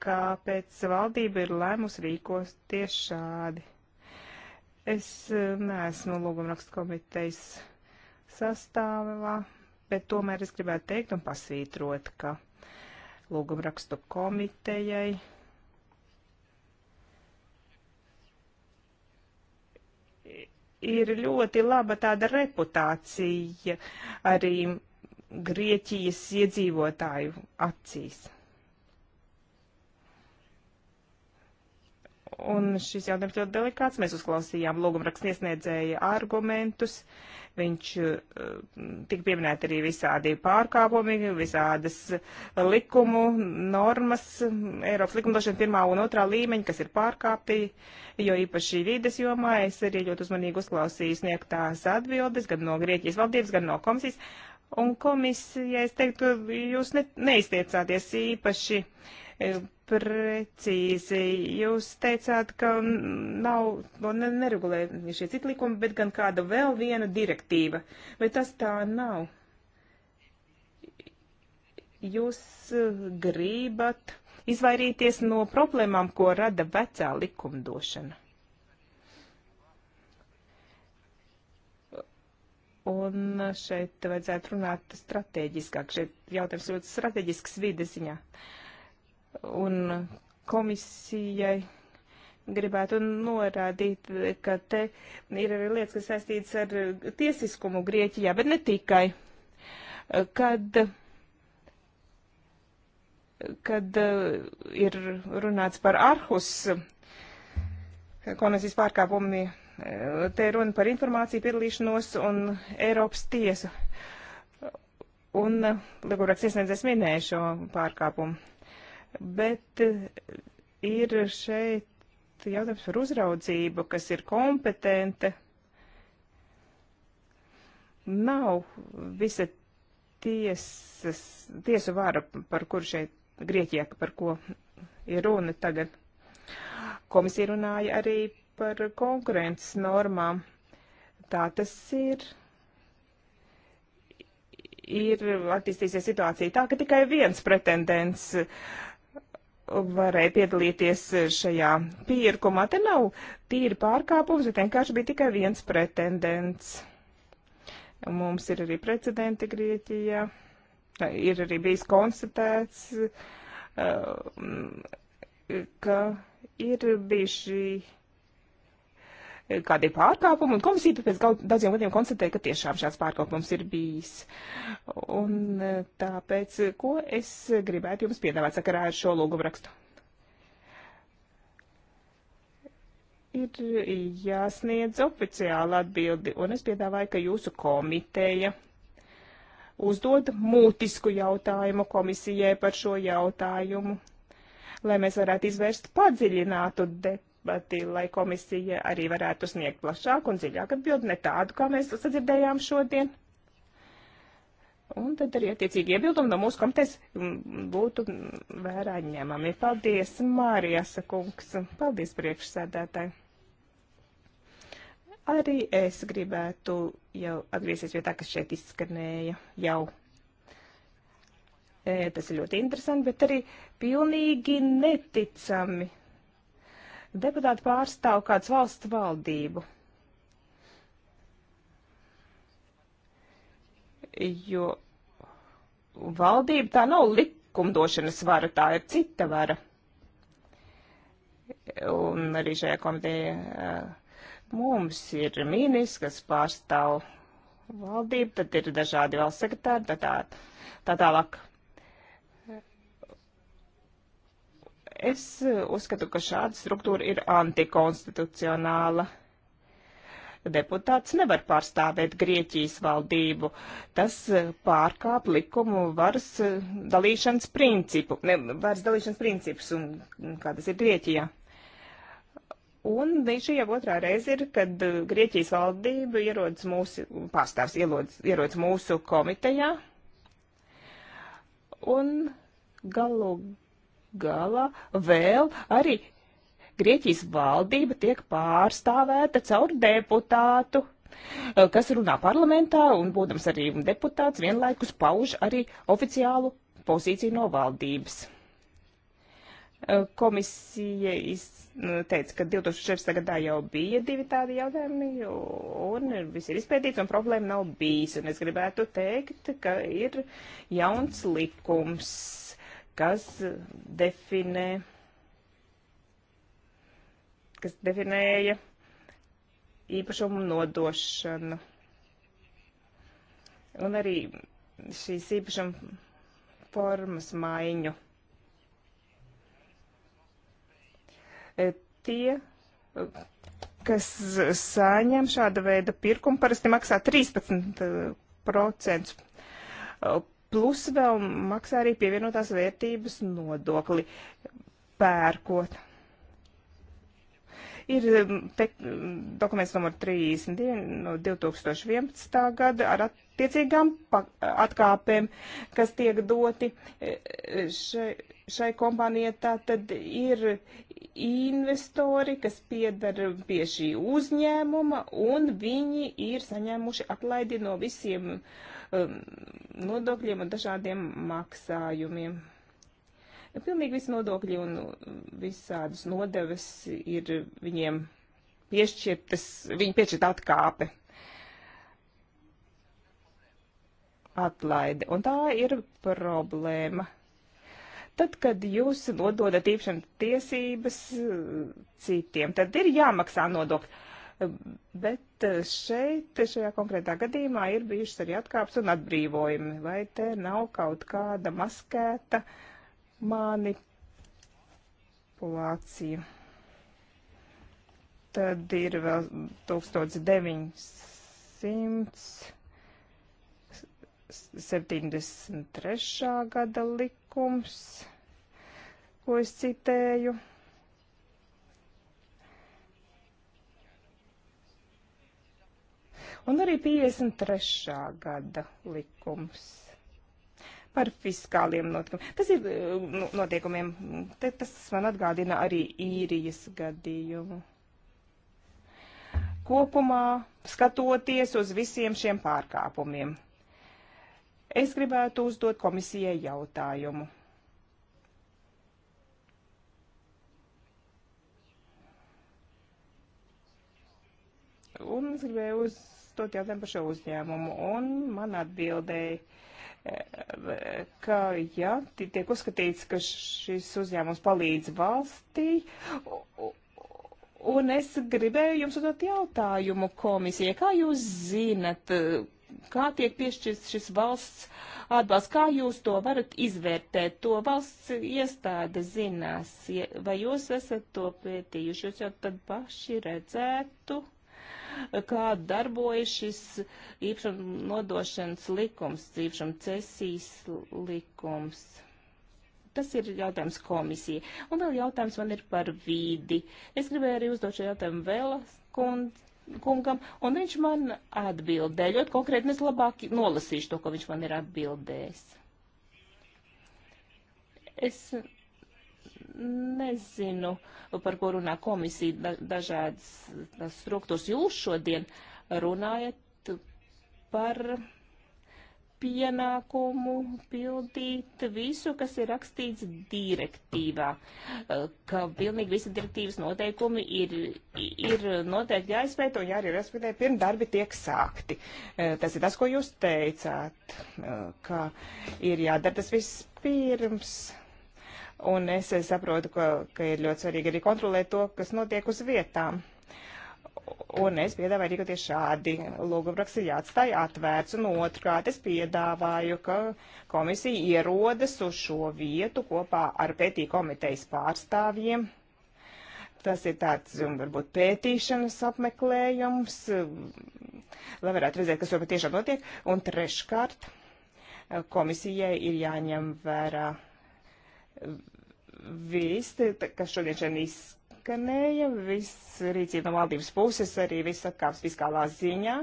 kāpēc valdība ir lēmusi rīkos tieši šādi. Es neesmu lūgumrakstu komitejas sastāvā, bet tomēr es gribētu teikt un pasvītrot, ka lūgumrakstu komitejai. Ir ļoti laba tāda reputācija arī Grieķijas iedzīvotāju acīs. Un šis jautājums ļoti delikāts. Mēs uzklausījām lūgumrakstu iesniedzēja argumentus. Uh, Viņš eh, tik pieminēt arī visādi pārkāpumi, visādas eh, likumu normas, Eiropas likumdošana pirmā un otrā līmeņa, kas ir pārkāpti, jo īpaši vides jomā es arī ļoti uzmanīgi uzklausīju sniegtās atbildes gan no Grieķijas valdības, gan no komisijas. Un komisija, es teiktu, jūs ne, neiztiecāties īpaši. Uh, Precīzi, jūs teicāt, ka nav, neregulē šie citi likumi, bet gan kāda vēl viena direktīva. Vai tas tā nav? Jūs eh, gribat izvairīties no problēmām, ko rada vecā likumdošana. Un šeit vajadzētu runāt strateģiskāk. Šeit jautājums ļoti strateģisks vides ziņā. Uh, Un komisijai gribētu norādīt, ka te ir arī lietas, kas saistītas ar tiesiskumu Grieķijā, bet ne tikai. Kad, kad eh, ir runāts par Arhus eh, konvencijas pārkāpumi, eh, te ir runa par informāciju piedalīšanos un Eiropas tiesu. Un, likurāks iesniedzēs minēja šo pārkāpumu bet eh, ir šeit jautājums par uzraudzību, kas ir kompetente. Nav visa tiesas, tiesu vara, par kur šeit Grieķijā, par ko ir runa tagad. Komisija runāja arī par konkurences normām. Tā tas ir. Ir attīstīsies situācija tā, ka tikai viens pretendents uh, varēja piedalīties šajā pirkumā. Te nav tīri pārkāpums, bet vienkārši bija tikai viens pretendents. Mums ir arī precedenti Grieķijā. Ir arī bijis konstatēts, uh, ka ir bijuši šī kādi ir pārkāpumi, un komisija pēc daudziem gadiem konstatēja, ka tiešām šāds pārkāpums ir bijis. Un e, tāpēc, ko es gribētu jums piedāvāt sakarā ar šo lūgumu rakstu? Ir jāsniedz oficiāla atbildi, un es piedāvāju, ka jūsu komiteja uzdod mūtisku jautājumu komisijai par šo jautājumu, lai mēs varētu izvērst padziļinātu detaļu bet lai komisija arī varētu sniegt plašāku un dziļāku atbildi, ne tādu, kā mēs sadzirdējām šodien. Un tad arī attiecīgi iebildumi no mūsu komitejas būtu vērā ņemami. Paldies, Mārijas kungs. Paldies, priekšsēdētāji. Arī es gribētu jau atgriezties pie tā, kas šeit izskanēja jau. E, tas ir ļoti interesanti, bet arī pilnīgi neticami Deputāti pārstāv kādas valsts valdību. Jo valdība tā nav likumdošanas vara, tā ir cita vara. Un arī šajā komitejā eh, mums ir ministrs, kas pārstāv valdību, tad ir dažādi valsts sekretāri, tā, tā, tā tālāk. Es eh, uzskatu, ka šāda struktūra ir antikonstitucionāla. Deputāts nevar pārstāvēt Grieķijas valdību. Tas eh, pārkāp likumu varas eh, dalīšanas principu, ne, varas dalīšanas principus, un kā tas ir Grieķijā. Un šī jau otrā reize ir, kad Grieķijas valdība ierodas mūsu, pārstāvs ierodas, ierodas mūsu komitejā. Un galu galā vēl arī Grieķijas valdība tiek pārstāvēta caur deputātu, eh, kas runā parlamentā un, būdams arī deputāts, vienlaikus pauž arī oficiālu pozīciju no valdības. Eh, komisija eh, teica, ka 2016. gadā jau bija divi tādi jautājumi, un viss ir izpētīts, un problēma nav bijis. Un es gribētu teikt, ka ir jauns likums kas definē, kas definēja īpašumu nodošanu. Un arī šīs īpašuma formas maiņu. E, tie, kas saņem šāda veida pirkumu, parasti maksā 13% plus vēl maksā arī pievienotās vērtības nodokli pērkot. Ir mm, te, mm, dokuments numur 32 no 2011. gada ar attiecīgām atkāpēm, kas tiek doti e, e, šai, šai kompānijai. Tā tad ir investori, kas piedara pie šī uzņēmuma, un viņi ir saņēmuši atlaidi no visiem uh, Um, nodokļiem un dažādiem maksājumiem. Pilnīgi visi nodokļi un visādas nodevas ir viņiem piešķirtas, viņi piešķirt atkāpe. Atlaide. Un tā ir problēma. Tad, kad jūs nododat īpašam tiesības uh, citiem, tad ir jāmaksā nodokļi. Bet eh, šeit, šajā konkrētā gadījumā, ir bijušas arī atkāpes un atbrīvojumi. Vai te nav kaut kāda maskēta manipulācija? Tad ir vēl 1973. gada likums, ko es citēju. un arī 53. gada likums par fiskāliem notikumiem. Tas ir nu, notiekumiem, Te, tas man atgādina arī īrijas gadījumu. Kopumā skatoties uz visiem šiem pārkāpumiem, es gribētu uzdot komisijai jautājumu. Un es gribēju uz uzdot jautājumu par šo uzņēmumu, un man atbildēja, eh, ka, ja tiek uzskatīts, ka šis uzņēmums palīdz valstī, un es gribēju jums uzdot jautājumu komisijai, kā jūs zinat, kā tiek piešķirts šis valsts atbalsts, kā jūs to varat izvērtēt, to valsts iestāde zinās, vai jūs esat to pētījuši, jūs jau tad paši redzētu, kā darbojas šis īpašuma nodošanas likums, īpašuma cesijas likums. Tas ir jautājums komisija. Un vēl jautājums man ir par vīdi. Es gribēju arī uzdot šo jautājumu vēl kund, kungam, un viņš man atbildē. Ļoti konkrēti es labāk nolasīšu to, ko viņš man ir atbildējis. Es nezinu, par ko runā komisija, dažādas struktūras. Jūs šodien runājat par pienākumu pildīt visu, kas ir rakstīts direktīvā, ka pilnīgi visi direktīvas noteikumi ir, ir noteikti jāizpēta un jāarī respektē, pirms darbi tiek sākti. E, tas ir tas, ko jūs teicāt, e, ka ir jādara tas viss pirms Un es saprotu, ka, ka ir ļoti svarīgi arī kontrolēt to, kas notiek uz vietām. Un es piedāvāju rīkoties šādi. Lūgumraksts ir jāatstāj atvērts, un otrkārt es piedāvāju, ka komisija ierodas uz šo vietu kopā ar pētī komitejas pārstāvjiem. Tas ir tāds, um, varbūt, pētīšanas apmeklējums, um, lai varētu redzēt, kas jau patiešām notiek. Un treškārt, uh, komisijai ir jāņem vērā um, viss, kas šodien šeit izskanēja, viss rīcība no valdības puses, arī viss atkāps fiskālā ziņā.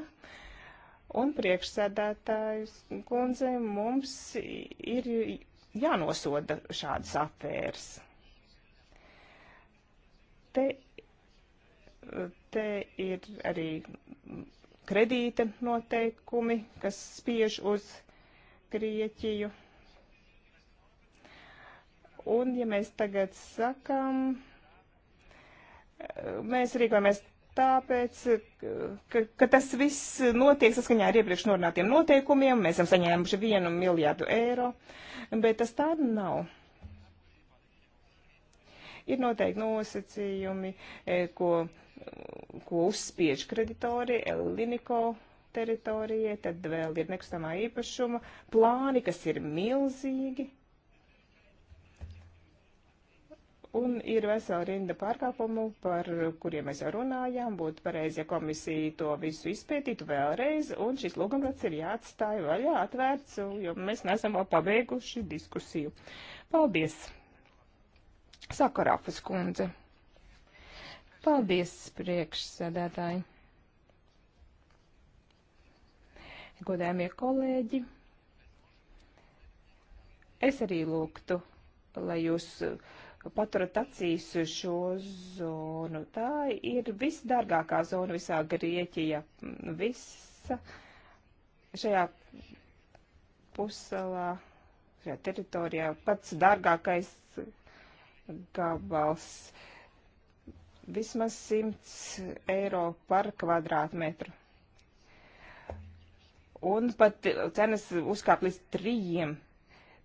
Un priekšsēdētājs kundze mums ir jānosoda šādas afēras. Te, te ir arī kredīta noteikumi, kas spiež uz Grieķiju. Un, ja mēs tagad sakam, mēs rīkojamies tāpēc, ka, ka tas viss notiek saskaņā ar iepriekš norunātiem noteikumiem, mēs esam saņēmuši vienu miljārdu eiro, bet tas tāda nav ir noteikti nosacījumi, e, ko, ko uzspiež kreditori Liniko teritorijai, tad vēl ir nekustamā īpašuma plāni, kas ir milzīgi. Un ir vesela rinda pārkāpumu, par kuriem mēs jau runājām. Būtu pareizi, ja komisija to visu izpētītu vēlreiz, un šis lūgumrats ir jāatstāja vaļā atvērts, jo mēs nesam vēl pabeiguši diskusiju. Paldies! Saka Rafas kundze. Paldies, priekšsēdētāji! Godējumie kolēģi! Es arī lūgtu, lai jūs. Uh, paturat acīs šo zonu. Tā ir visdārgākā zona visā Grieķijā. Visa šajā puselā, šajā teritorijā pats dārgākais gabals. Vismaz 100 eiro par kvadrātmetru. Un pat cenas uzkāp līdz 3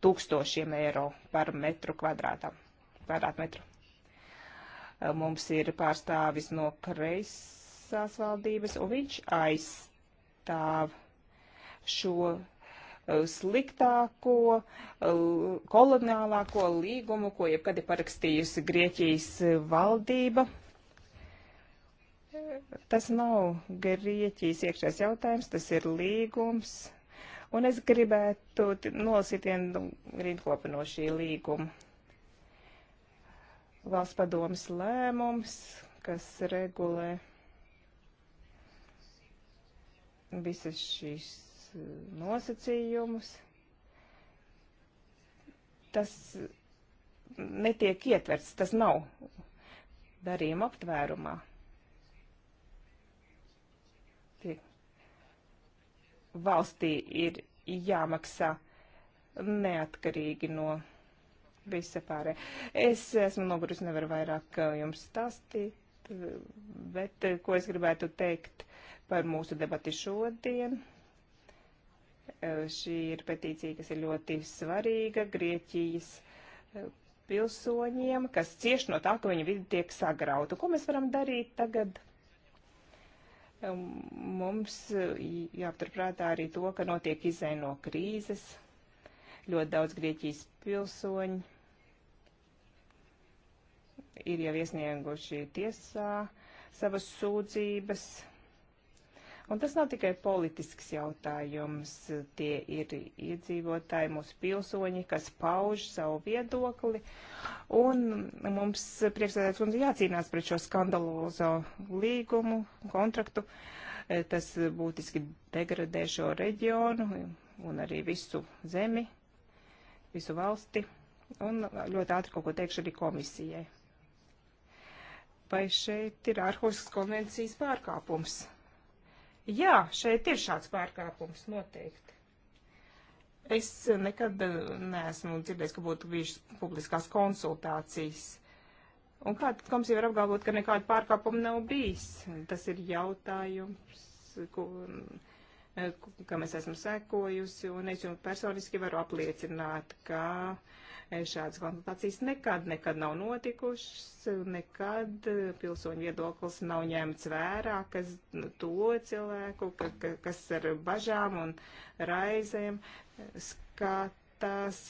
tūkstošiem eiro par metru kvadrātam kvadrātmetru. Mums ir pārstāvis no kreisās valdības, un viņš aizstāv šo sliktāko, koloniālāko līgumu, ko jebkad ir parakstījusi Grieķijas valdība. Tas nav Grieķijas iekšējais jautājums, tas ir līgums. Un es gribētu nolasīt vienu rindkopu no šī līguma valsts padomas lēmums, kas regulē visas šīs eh, nosacījumus. Tas netiek ietverts, tas nav darījuma aptvērumā. Tiek. Valstī ir jāmaksā neatkarīgi no visa pārē. Es esmu noguris, nevaru vairāk uh, jums stāstīt, bet uh, ko es gribētu teikt par mūsu debati šodien. Uh, šī ir petīcija, kas ir ļoti svarīga Grieķijas pilsoņiem, kas cieš no tā, ka viņu vidi tiek sagrauta. Ko mēs varam darīt tagad? Um, mums jāpaturprātā arī to, ka notiek izai no krīzes. Ļoti daudz Grieķijas pilsoņi ir jau iesnieguši tiesā savas sūdzības. Un tas nav tikai politisks jautājums. Tie ir iedzīvotāji, mūsu pilsoņi, kas pauž savu viedokli. Un mums priekšsēdētājs kundze jācīnās pret šo skandalozo līgumu, kontraktu. E, tas būtiski degradē šo reģionu un arī visu zemi, visu valsti. Un ļoti ātri kaut ko teikšu arī komisijai vai šeit ir ārhusas konvencijas pārkāpums. Jā, šeit ir šāds pārkāpums noteikti. Es nekad eh, neesmu dzirdējis, ka būtu bijušas publiskās konsultācijas. Un kā tad komisija var apgalvot, ka nekāda pārkāpuma nav bijis? Tas ir jautājums, ko, eh, ko, kam es esmu sekojusi, un es jums personiski varu apliecināt, ka uh, Šādas konsultācijas nekad, nekad nav notikušas, nekad pilsoņu viedoklis nav ņemts vērā, kas to cilvēku, ka, ka, kas ar bažām un raizēm skatās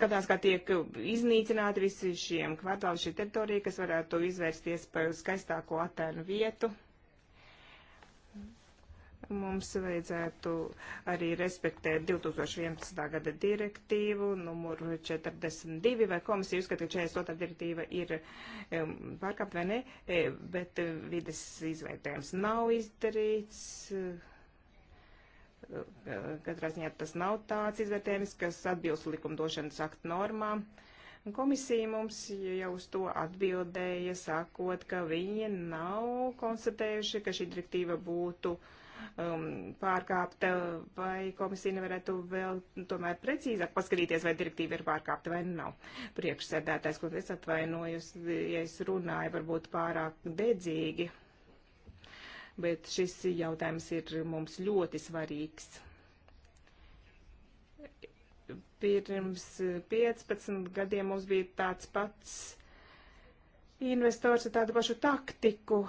skatās, kā tiek iznīcināti visi šiem kvartāli, šī teritorija, kas varētu izvērsties par skaistāko atēnu vietu. Mums vajadzētu arī respektēt 2011. gada direktīvu numuru 42, vai komisija uzskata, ka 42. direktīva ir um, pārkāpta vai ne, e, bet eh, vides izvērtējums nav izdarīts. E, e, katrā ziņā tas nav tāds izvērtējums, kas atbilst likumdošanas aktu normām. Komisija mums jau uz to atbildēja, sakot, ka viņi nav konstatējuši, ka šī direktīva būtu uh, um, pārkāpta, eh, vai komisija nevarētu vēl tomēr precīzāk paskatīties, vai direktīva ir pārkāpta vai nav. Priekšsēdētājs, ko es atvainojos, ja es runāju varbūt pārāk dedzīgi, bet šis jautājums ir mums ļoti svarīgs. Pirms 15 gadiem mums bija tāds pats investors ar tādu pašu taktiku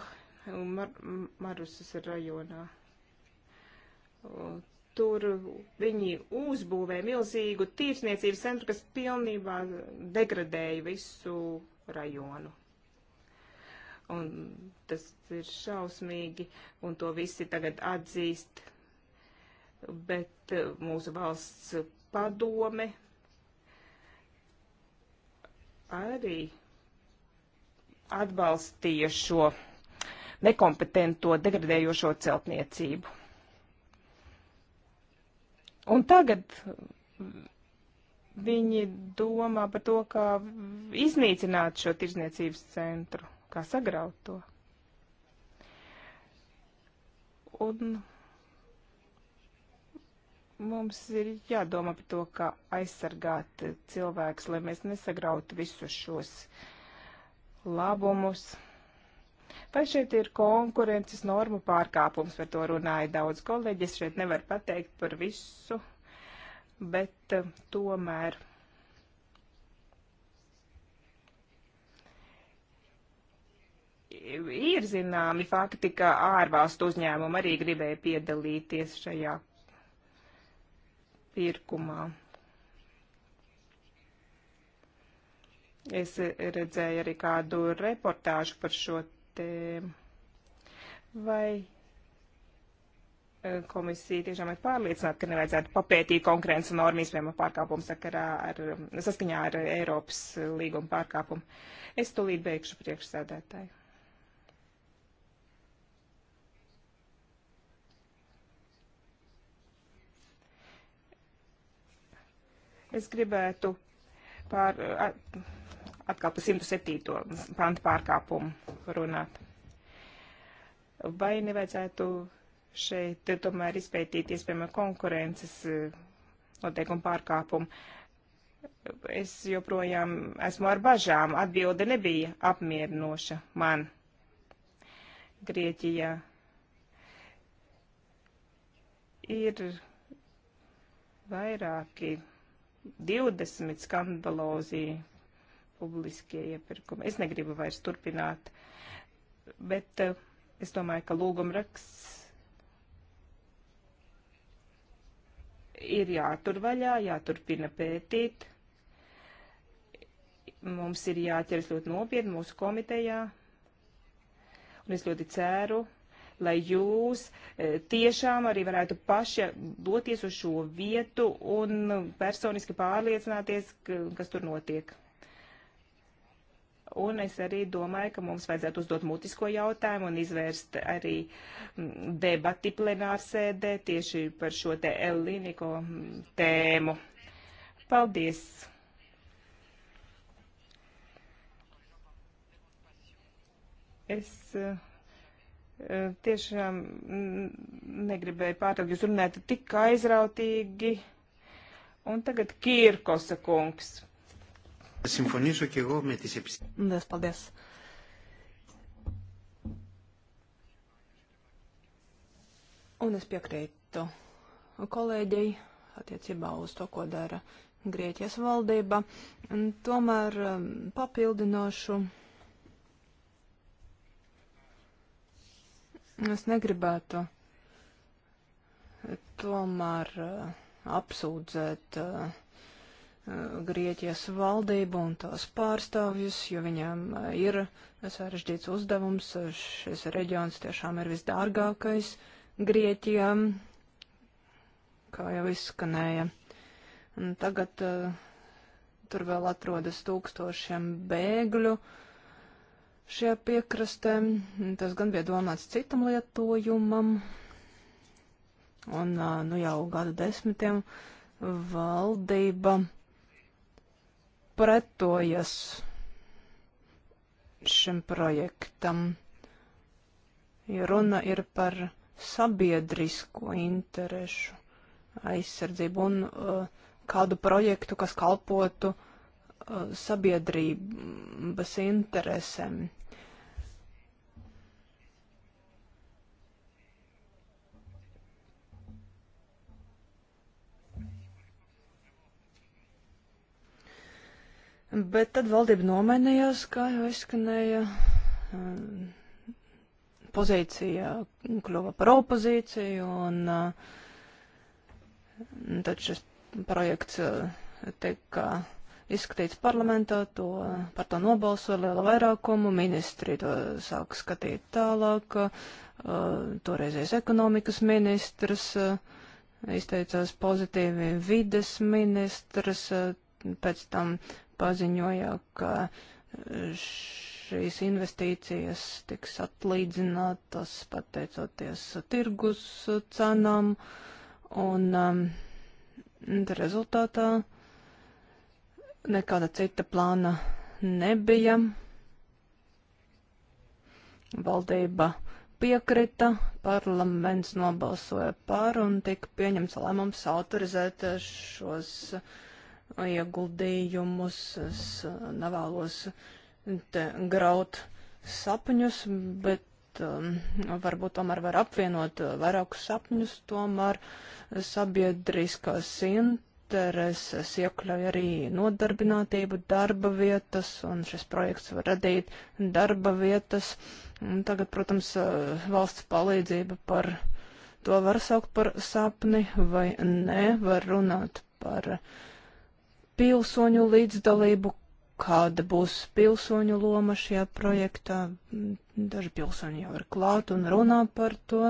Mar Marusas rajonā. Tur viņi uzbūvēja milzīgu tirsniecības centru, kas pilnībā degradēja visu rajonu. Un tas ir šausmīgi, un to visi tagad atzīst. Bet eh, mūsu valsts padome arī atbalstīja šo nekompetento degradējošo celtniecību. Un tagad viņi domā par to, kā iznīcināt šo tirzniecības centru, kā sagraut to. Un mums ir jādomā par to, kā aizsargāt cilvēks, lai mēs nesagrautu visus šos labumus. Vai šeit ir konkurences normu pārkāpums, par to runāja daudz kolēģis, šeit nevar pateikt par visu, bet eh, tomēr. Ir zināmi fakti, ka ārvalstu uzņēmumi arī gribēja piedalīties šajā pirkumā. Es redzēju arī kādu reportāžu par šo debatēm. Vai eh, komisija tiešām ir pārliecināta, ka nevajadzētu papētīt konkurences normu izmēmu pārkāpumu sakarā ar, saskaņā ar Eiropas līgumu pārkāpumu? Es tūlīt beigšu priekšsēdētāju. Es gribētu pār, at, atkal par 107. pantu pārkāpumu runāt. Vai nevajadzētu šeit tomēr izpētīt iespējama konkurences e, noteikumu pārkāpumu? Es joprojām esmu ar bažām. Atbilde nebija apmierinoša man. Grieķijā ir vairāki 20 skandalozi publiskie iepirkumi. Es negribu vairs turpināt, bet eh, es domāju, ka lūgumraksts ir jātur vaļā, jāturpina pētīt. Mums ir jāķeras ļoti nopietni mūsu komitejā. Un es ļoti ceru, lai jūs eh, tiešām arī varētu paši doties uz šo vietu un personiski pārliecināties, kas tur notiek. Un es arī domāju, ka mums vajadzētu uzdot mutisko jautājumu un izvērst arī mm, debati plenārsēdē tieši par šo te Eliniko tēmu. Paldies! Es eh, tiešām mm, negribēju pārtraukt, jūs runājat tik aizrautīgi. Un tagad Kirkosa kungs. Simfonīšu, ka jau mētīs iepazīstināt. Lielas paldies. Un es piekrītu kolēģei attiecībā uz to, ko dara Grieķijas valdība. Un tomēr um, papildinošu. Es negribētu tomēr uh, apsūdzēt uh, Uh, Grieķijas valdību un tās pārstāvjus, jo viņiem uh, ir sarežģīts uzdevums. Uh, šis reģions tiešām ir visdārgākais Grieķijā, kā jau izskanēja. Un tagad uh, tur vēl atrodas tūkstošiem bēgļu šajā piekrastē. Tas gan bija domāts citam lietojumam. Un, uh, nu, jau gadu desmitiem valdība pretojas šim projektam, ja runa ir par sabiedrisko interešu aizsardzību un uh, kādu projektu, kas kalpotu uh, sabiedrības interesēm. Bet tad valdība nomainījās, kā jau izskanēja. Um, pozīcija kļuva par opozīciju, un uh, tad šis projekts uh, tika izskatīts parlamentā, to, par to nobalsoja liela vairākumu, ministri to sāk skatīt tālāk, uh, toreizējais ekonomikas ministrs izteicās pozitīvi, vides ministrs, pēc tam paziņoja, ka eh, šīs investīcijas tiks atlīdzinātas pateicoties tirgus cenām, un um, rezultātā nekāda cita plāna nebija. Valdība piekrita, parlaments nobalsoja par un tika pieņemts lēmums autorizēt šos uh, ieguldījumus. Es eh, nevēlos te graut sapņus, bet um, varbūt tomēr var apvienot eh, vairākus sapņus, tomēr sabiedriskās intereses iekļauj arī nodarbinātību, darba vietas, un šis projekts var radīt darba vietas. Un tagad, protams, valsts palīdzība par to var saukt par sapni vai nē, var runāt par uh, pilsoņu līdzdalību, kāda būs pilsoņu loma šajā projektā. Daži pilsoņi jau ir klāt un runā par to.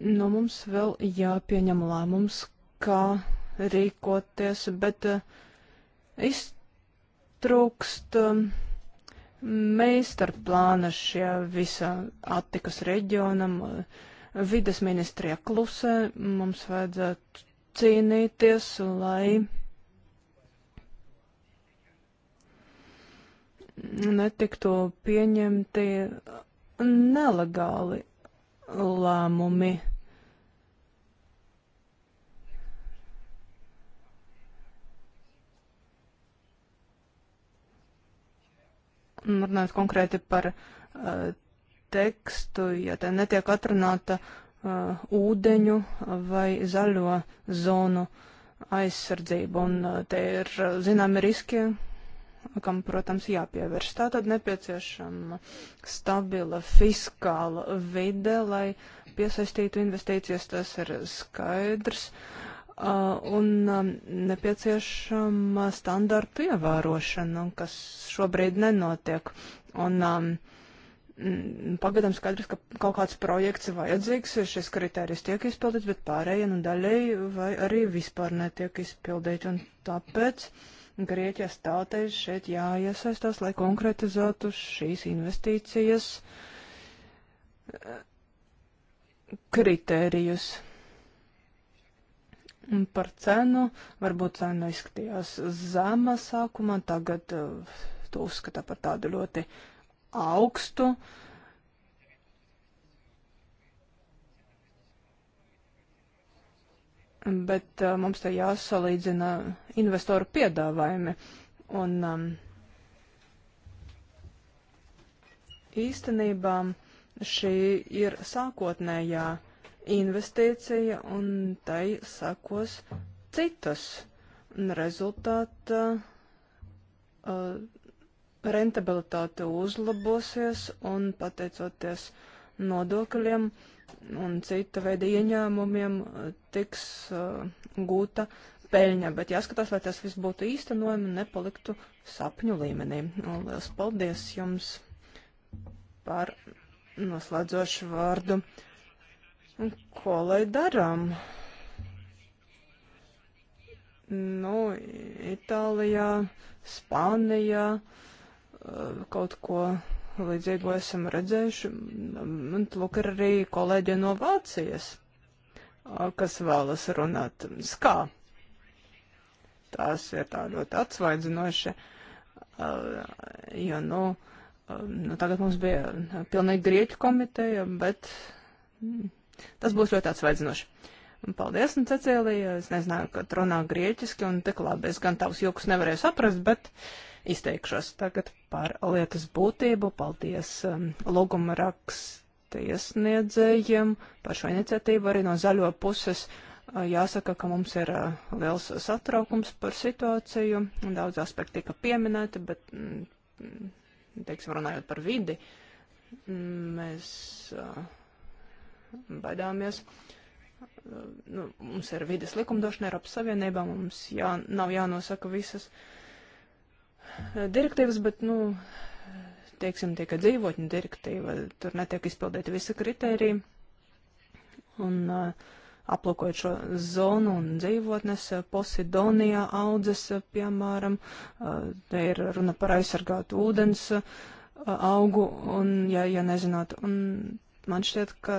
Nu, mums vēl jāpieņem lēmums, kā rīkoties, bet eh, iztrūkst eh, meistarplāna šajā visā attikas reģionam. Eh, vides ministrija klusē, mums vajadzētu cīnīties, lai. Mm netiktu pieņemti nelegāli lēmumi. Runājot konkrēti par uh, tekstu, ja te netiek atrunāta uh, ūdeņu vai zaļo zonu aizsardzība, un uh, te ir uh, zināmi riski, kam, protams, jāpievērš. Tā tad nepieciešama stabila fiskāla vide, lai piesaistītu investīcijas, tas ir skaidrs, uh, un um, nepieciešama standartu ievērošana, kas šobrīd nenotiek. Un, um, mm, Pagadām skaidrs, ka kaut kāds projekts ir vajadzīgs, šis kriterijs tiek izpildīts, bet pārējie nu daļēji vai arī vispār netiek izpildīti. Un tāpēc uh, Grieķijas tautai šeit jāiesaistās, lai konkretizētu šīs investīcijas eh, kritērijus. Un par cenu, varbūt cena izskatījās zema sākumā, tagad eh, to uzskata par tādu ļoti augstu. Uh, bet uh, mums te jāsalīdzina investoru piedāvājumi. Un um, īstenībā šī ir sākotnējā investīcija, un tai sakos citas. Un rezultātā uh, rentabilitāte uzlabosies, un pateicoties nodokļiem, uh, un cita veida ieņēmumiem uh, tiks uh, gūta peļņa, bet jāskatās, lai tas viss būtu īstenojami un nepaliktu sapņu līmenī. Lielas paldies jums par noslēdzošu vārdu. Un ko lai darām? Nu, Itālijā, Spānijā, uh, kaut ko līdzīgo esam redzējuši. Un lūk, ir arī kolēģi no Vācijas, kas vēlas runāt skā. Tās ir tā ļoti atsvaidzinoši, jo, nu, nu, tagad mums bija pilnīgi grieķu komiteja, bet mm, tas būs ļoti atsvaidzinoši. Un paldies, un Cecēlija, es nezināju, ka runā grieķiski, un tik labi, es gan tavs jūkus nevarēju saprast, bet. Uh, izteikšos tagad par lietas būtību. Paldies um, lūguma raksta iesniedzējiem par šo iniciatīvu arī no zaļo puses. Uh, jāsaka, ka mums ir uh, liels satraukums par situāciju. Daudz aspekti tika pieminēti, bet, mm, teiksim, runājot par vidi, mēs uh, baidāmies. Uh, nu, mums ir vides likumdošana Eiropas Savienībā, mums jā, nav jānosaka visas uh, direktīvas, bet, nu, teiksim, tiek dzīvotņu direktīva, tur netiek izpildīti visi kriteriji. Un uh, aplūkojot šo zonu un dzīvotnes, uh, Posidonijā audzes, uh, piemēram, uh, te ir runa par aizsargātu ūdens uh, augu, un, ja, ja nezināt, un man šķiet, ka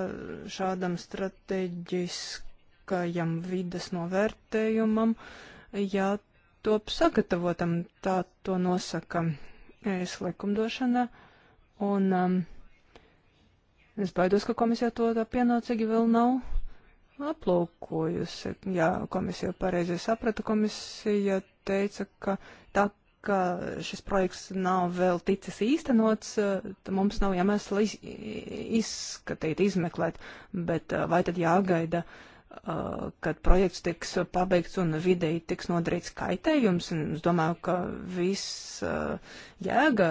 šādam strateģiskajam vides novērtējumam, ja top sagatavotam, tā to nosaka es likumdošana, un um, es baidos, ka komisija to tā pienācīgi vēl nav aplūkojusi. Jā, komisija pareizi saprata, komisija teica, ka tā ka šis projekts nav vēl ticis īstenots, mums nav jāmēsla iz, izskatīt, izmeklēt, bet uh, vai tad jāgaida uh, Uh, kad projekts tiks pabeigts un videi tiks nodarīts kaitējums. Un es domāju, ka viss uh, jēga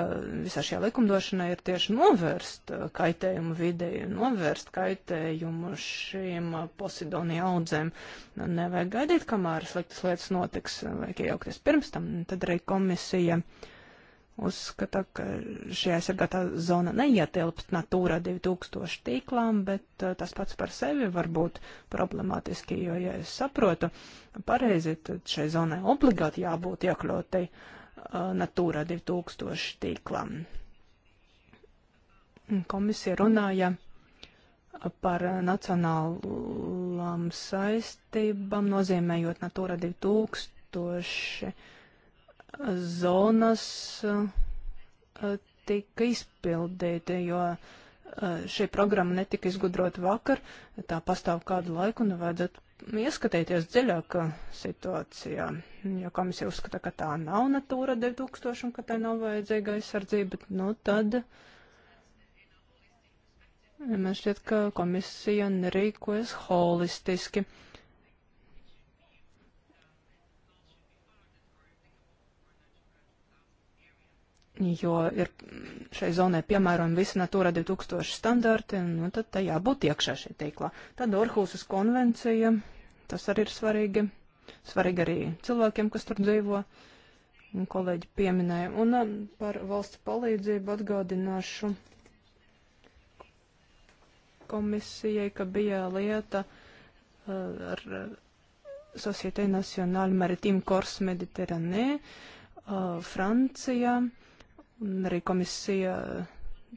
visā šajā likumdošanā ir tieši novērst uh, kaitējumu videi, novērst kaitējumu šīm posidonija audzēm. Nu, nevajag gaidīt, kamēr sliktas lietas notiks, vajag iejaukties pirms tam. Tad arī komisija. Uh, uzskata, ka šī aizsargātā zona neietilpst Natūra 2000 tīklām, bet eh, tas pats par sevi var būt problemātiski, jo, ja es saprotu pareizi, tad šai zonai obligāti jābūt iekļautai eh, Natūra 2000 tīklām. Komisija runāja par nacionālām saistībām, nozīmējot Natūra 2000 zonas eh, tika izpildīti, jo eh, šī programma netika izgudrota vakar, tā pastāv kādu laiku un nu, vajadzētu ieskatīties dziļāk situācijā, jo komisija uzskata, ka tā nav Natūra 2000 un ka tai nav vajadzīga aizsardzība, nu tad man šķiet, ka komisija nerīkojas holistiski. Uh, jo ir šai zonai piemērojami visi Natūra 2000 standarti, nu tad tai jābūt iekšā šī tīklā. Tad Orhusas konvencija, tas arī ir svarīgi, svarīgi arī cilvēkiem, kas tur dzīvo, un kolēģi pieminēja. Un um, par valsts palīdzību atgādināšu komisijai, ka bija lieta uh, ar Société Nationale Maritime Corps Mediterranée, uh, Francijā Un arī komisija eh,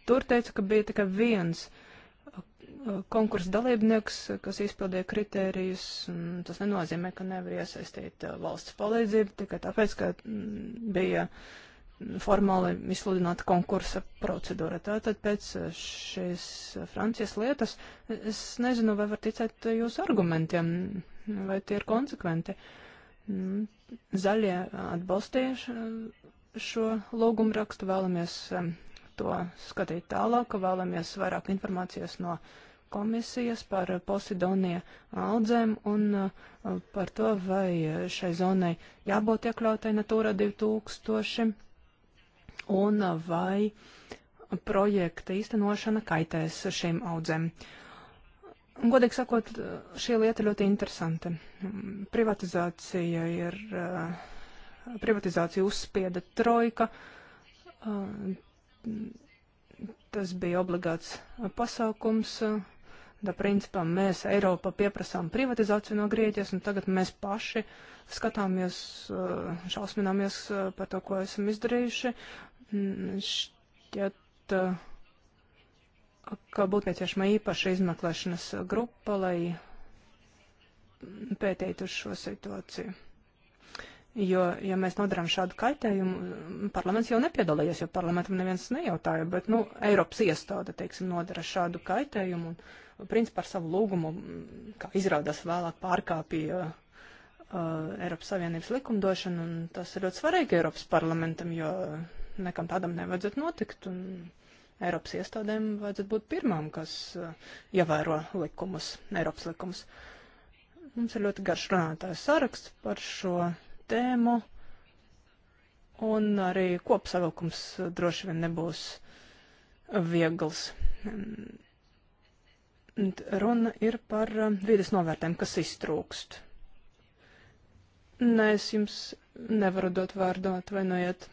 tur teica, ka bija tikai viens eh, eh, konkursa dalībnieks, kas izpildīja kritērijus. Tas nenozīmē, ka nevar iesaistīt valsts palīdzību, tikai tāpēc, ka mm, bija mm, formāli izsludināta konkursa procedūra. Tātad pēc šīs Francijas lietas es nezinu, vai var ticēt jūsu argumentiem, vai tie ir konsekventi. Mm, zaļie atbalstīja šo lūgumu rakstu, vēlamies um, to skatīt tālāk, vēlamies vairāk informācijas no komisijas par Posidonija audzēm un uh, par to, vai šai zonai jābūt iekļautai Natūra 2000 un vai projekta īstenošana kaitēs šīm audzēm. Godīgi sakot, šī lieta ļoti interesanta. Privatizācija ir uh, privatizāciju uzspieda trojka. Tas bija obligāts pasākums. Tā principā mēs Eiropā pieprasām privatizāciju no Grieķijas, un tagad mēs paši skatāmies, šausmināmies par to, ko esam izdarījuši. Šķiet, ka būtu nepieciešama īpaša izmeklēšanas grupa, lai pētītu šo situāciju. Jo, ja mēs nodarām šādu kaitējumu, parlaments jau nepiedalījies, jo parlamentam neviens nejautāja, bet, nu, Eiropas iestāde, teiksim, nodara šādu kaitējumu un, principā, ar savu lūgumu, mm, kā izrādās vēlāk, pārkāpīja uh, Eiropas Savienības likumdošanu, un tas ir ļoti svarīgi Eiropas parlamentam, jo nekam tādam nevajadzētu notikt, un Eiropas iestādēm vajadzētu būt pirmām, kas uh, ievēro likumus, Eiropas likumus. Mums ir ļoti garš runātājs saraksts par šo tēmu, un arī kopsavilkums droši vien nebūs viegls. Runa ir par uh, vides novērtēm, kas iztrūkst. Nē, es jums nevaru dot vārdu, atvainojiet.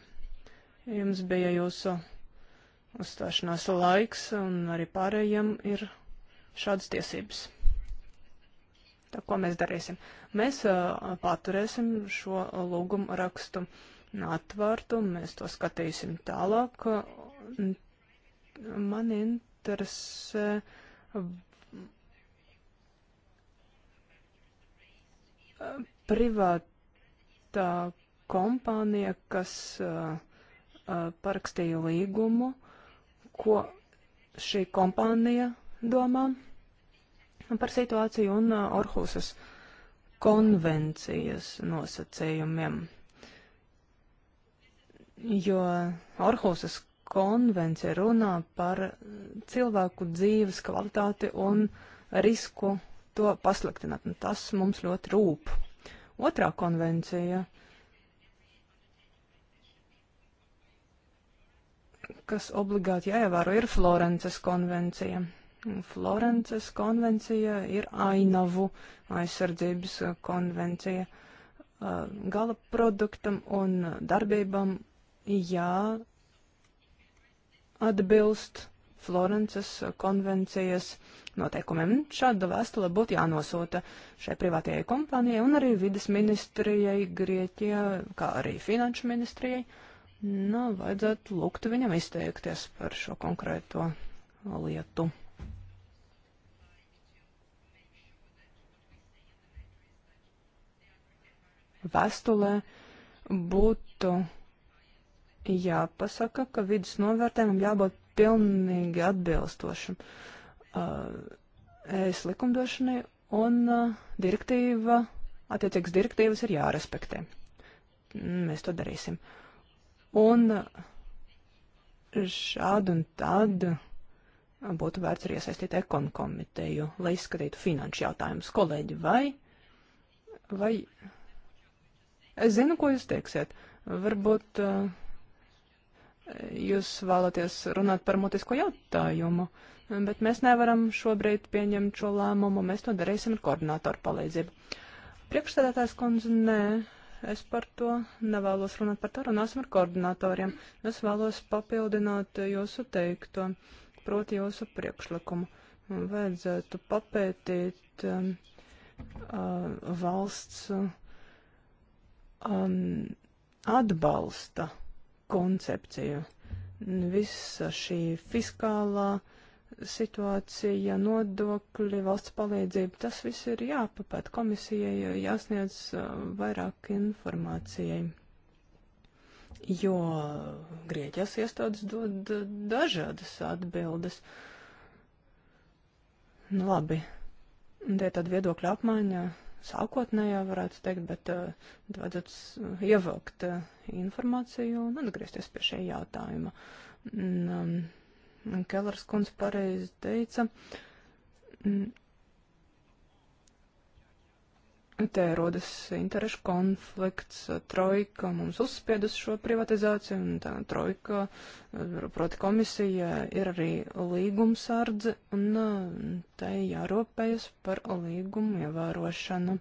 Jums bija jūsu uzstāšanās laiks, un arī pārējiem ir šādas tiesības. Tā ko mēs darīsim? Mēs uh, paturēsim šo lūgumu rakstu atvērtu, mēs to skatīsim tālāk. Man interesē, privātā kompānija, kas uh, parakstīja līgumu, ko šī kompānija domā par situāciju un uh, Orhusas konvencijas nosacījumiem. Jo Orhusas konvencija runā par cilvēku dzīves kvalitāti un risku to pasliktināt. Un tas mums ļoti rūp. Otrā konvencija, kas obligāti jāievēro, ir Florences konvencija. Florences konvencija ir ainavu aizsardzības konvencija. Eh, gala produktam un darbībam jāatbilst Florences konvencijas noteikumiem. Šāda vēstule būtu jānosūta šai privātajai kompānijai un arī vidas ministrijai Grieķijā, kā arī finanšu ministrijai. Nu, vajadzētu lūgt viņam izteikties par šo konkrēto lietu. vēstulē būtu jāpasaka, ka vidas novērtējumam jābūt pilnīgi atbilstošam uh, ES likumdošanai un uh, direktīva, attiecīgas direktīvas ir jārespektē. Mēs to darīsim. Un uh, šādu un tādu būtu vērts arī iesaistīt ekonomiku komiteju, lai izskatītu finanšu jautājumus kolēģi vai, vai Es zinu, ko jūs teiksiet. Varbūt eh, jūs vēlaties runāt par mutisko jautājumu, bet mēs nevaram šobrīd pieņemt šo lēmumu. Mēs to darīsim ar koordinātoru palīdzību. Priekšstādātājs kundze, nē, es par to nevēlos runāt par to, runāsim ar koordinātoriem. Es vēlos papildināt jūsu teikto, proti jūsu priekšlikumu. Vajadzētu papētīt um, uh, valsts. Uh, um, atbalsta koncepciju. Visa šī fiskālā situācija, nodokļi, valsts palīdzība, tas viss ir jāpapēt komisijai, jāsniedz uh, vairāk informācijai. Jo Grieķijas iestādes dod dažādas atbildes. Nu, labi, te tad viedokļa apmaiņa sākotnējā, varētu teikt, bet uh, vajadzētu ievilkt uh, informāciju un atgriezties pie šī jautājuma. Un, um, Kellers kundze pareizi teica, um, Te rodas interešu konflikts, trojka mums uzspiedas šo privatizāciju, un tā trojka, proti komisija, ir arī līgumsardze, un uh, te jārūpējas par līgumu ievērošanu.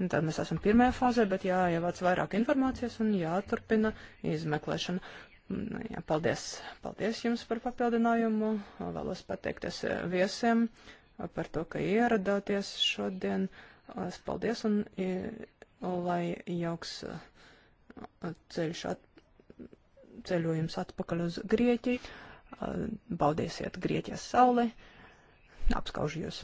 Un tad mēs esam pirmajā fāzē, bet jāievāc vairāk informācijas un jāturpina izmeklēšana. Jā, paldies, paldies jums par papildinājumu. Vēlos pateikties viesiem par to, ka ieradāties šodien. Es paldies un lai jauks ceļš at, ceļojums atpakaļ uz Grieķiju. Baudīsiet Grieķijas sauli. Apskaužu jūs.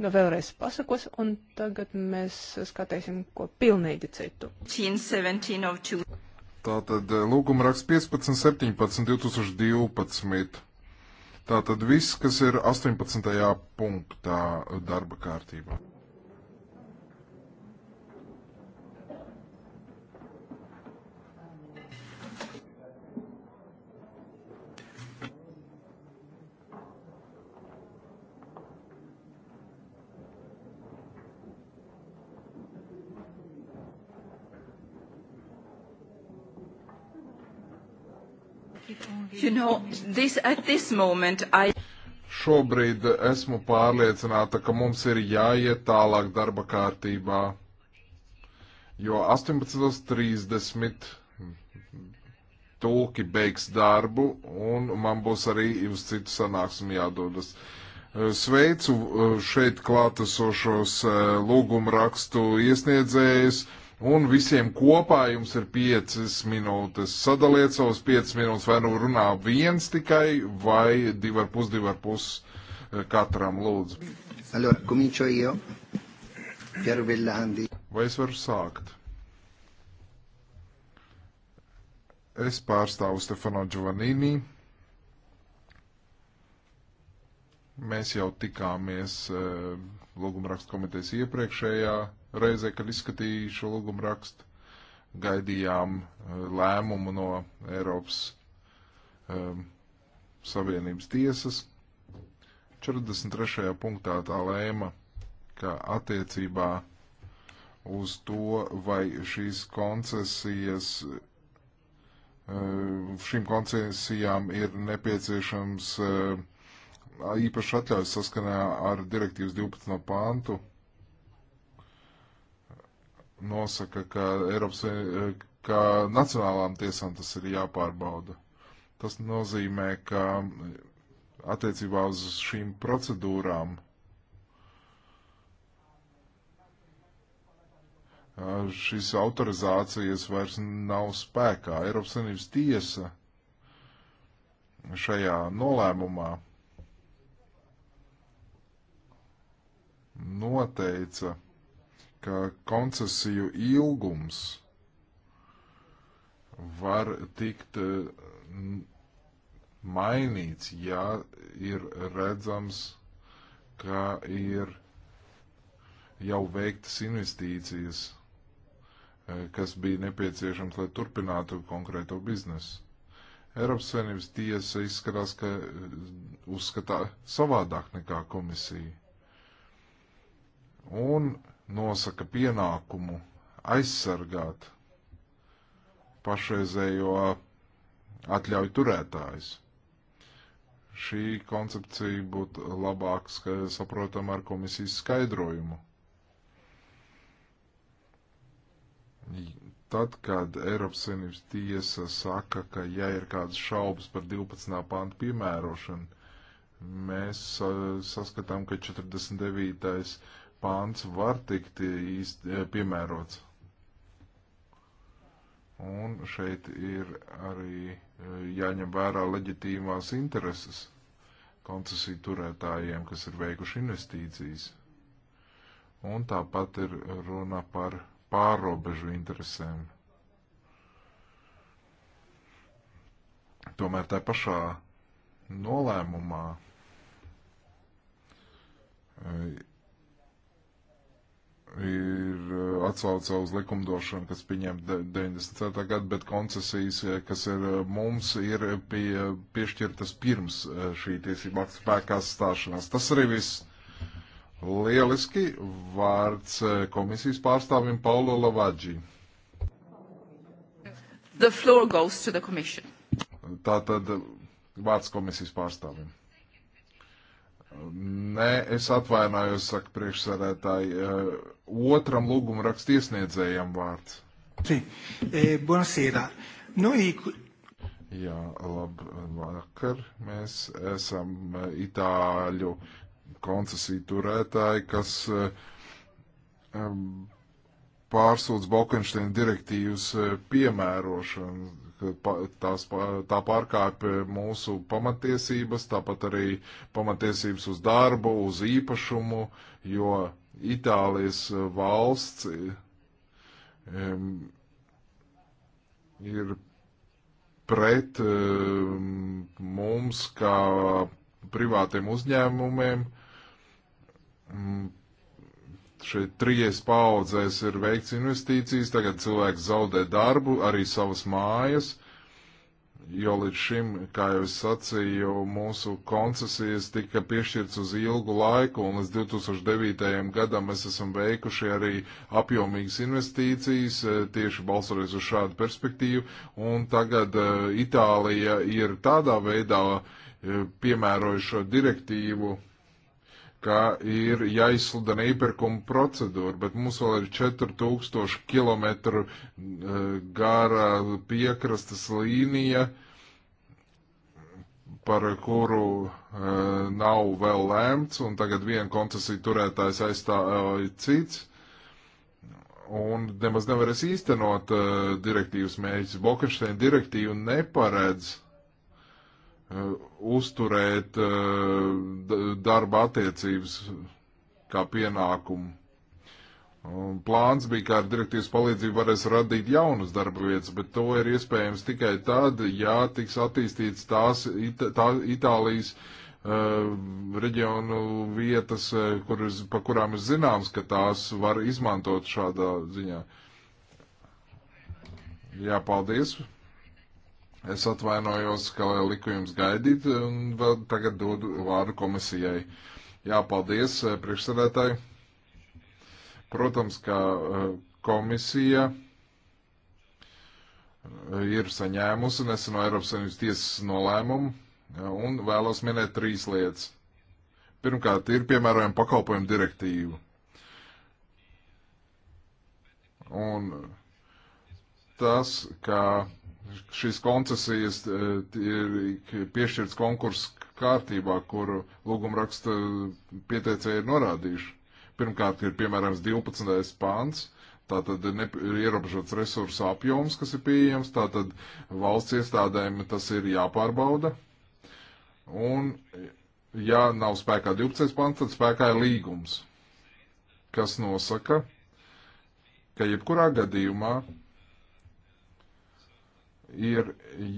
Nu, vēlreiz pasakos, un tagad mēs skatīsim ko pilnīgi citu. 17, 17 Tātad eh, lūguma raksts 15, 17, 2012. Tātad viss, kas ir 18. punktā darba kārtībā. You know, this, at this moment I... Šobrīd esmu pārliecināta, ka mums ir jāiet tālāk darba kārtībā, jo 18.30 tulki beigs darbu un man būs arī uz citu sanāksmi jādodas. Sveicu eh, šeit klātesošos eh, lūgumrakstu iesniedzējus un visiem kopā jums ir piecas minūtes. Sadaliet savus piecas minūtes, vai nu runā viens tikai, vai divi ar pus, divi ar pus eh, katram lūdzu. Allora, comincio io, Piero Vellandi. Vai es varu sākt? Es pārstāvu Stefano Giovannini. Mēs jau tikāmies eh, lūgumrakstu komitejas iepriekšējā reizē, kad izskatīju šo lūgumu rakstu, gaidījām eh, lēmumu no Eiropas um, Savienības tiesas. 43. punktā tā lēma, ka attiecībā uz to, vai šīs koncesijas eh, šīm koncesijām ir nepieciešams īpaši atļaujas saskanā ar direktīvas 12. pāntu nosaka, ka Eiropas, ka nacionālām tiesām tas ir jāpārbauda. Tas nozīmē, ka attiecībā uz šīm procedūrām šīs autorizācijas vairs nav spēkā. Eiropas Savienības tiesa šajā nolēmumā noteica, ka koncesiju ilgums var tikt eh, mainīts, ja ir redzams, ka ir jau veiktas investīcijas, eh, kas bija nepieciešams, lai turpinātu konkrēto biznesu. Eiropas Savienības tiesa izskatās, ka eh, uzskatā savādāk nekā komisija. Un nosaka pienākumu aizsargāt pašreizējo atļauju turētājs. Šī koncepcija būtu labāk saprotama ar komisijas skaidrojumu. Tad, kad Eiropas Savienības tiesa saka, ka ja ir kādas šaubas par 12. pāntu piemērošanu, mēs saskatām, ka 49 pāns var tikt īsti, e, piemērots. Un šeit ir arī e, jāņem vērā leģitīvās intereses koncesiju turētājiem, kas ir veikuši investīcijas. Un tāpat ir runa par pārobežu interesēm. Tomēr tā pašā nolēmumā atsauce uz likumdošanu, kas pieņemta 94. gadu, bet koncesijas, eh, kas ir eh, mums, ir pie, piešķirtas pirms eh, šī tiesība akta spēkās stāšanās. Tas arī viss. Lieliski vārds komisijas pārstāvim Paulo Lavadži. The floor goes to the commission. Tātad vārds komisijas pārstāvim. Nē, es atvainojos, saka priekšsēdētāji, eh, otram lūgumu rakst iesniedzējiem vārds. Sí. Eh, buonasera. Noi... Jā, labvakar. Mēs esam eh, itāļu koncesiju turētāji, kas um, pārsūdz Balkanšteina direktīvas piemērošanu, tās, tā pārkāpja mūsu pamatiesības, tāpat arī pamatiesības uz darbu, uz īpašumu, jo Itālijas valsts um, ir pret um, mums kā privātiem uzņēmumiem. Um, šeit trīs paudzēs ir veikts investīcijas, tagad cilvēks zaudē darbu, arī savas mājas, jo līdz šim, kā jau es sacīju, mūsu koncesijas tika piešķirts uz ilgu laiku, un līdz 2009. gadam mēs esam veikuši arī apjomīgas investīcijas, e, tieši balsoties uz šādu perspektīvu, un tagad e, Itālija ir tādā veidā e, piemērojušo direktīvu ka ir jāizsludina iepirkuma procedūra, bet mums vēl ir 4000 km gara piekrastes līnija, par kuru eh, nav vēl lēmts, un tagad viena koncesija turētājs aizstāja cits. Un nemaz nevarēs īstenot uh, direktīvas mērķis. Bokašteina direktīva neparedz uh, Uh, uzturēt uh, darba attiecības kā pienākumu. Plāns bija, kā ar direktīvas palīdzību varēs radīt jaunas darba vietas, bet to ir iespējams tikai tad, ja tiks attīstīts tās it, tā, Itālijas uh, reģionu vietas, uh, kur, pa kurām ir zināms, ka tās var izmantot šādā ziņā. Jā, paldies! Es atvainojos, ka liku jums gaidīt, un vēl tagad dodu vārdu komisijai. Jā, paldies eh, priekšsēdētāji. Protams, ka eh, komisija eh, ir saņēmusi neseno Eiropas Savienības tiesas nolēmumu, un vēlos minēt trīs lietas. Pirmkārt, ir piemērojama pakalpojumu direktīva. Un tas, ka šīs koncesijas e, ir piešķirts konkursu kārtībā, kuru lūgumraksta pieteicēji ir norādījuši. Pirmkārt, ir piemēram 12. pāns, tātad ir ierobežots resursu apjoms, kas ir pieejams, tātad valsts iestādēm tas ir jāpārbauda. Un, ja nav spēkā 12. pāns, tad spēkā ir līgums, kas nosaka, ka jebkurā gadījumā ir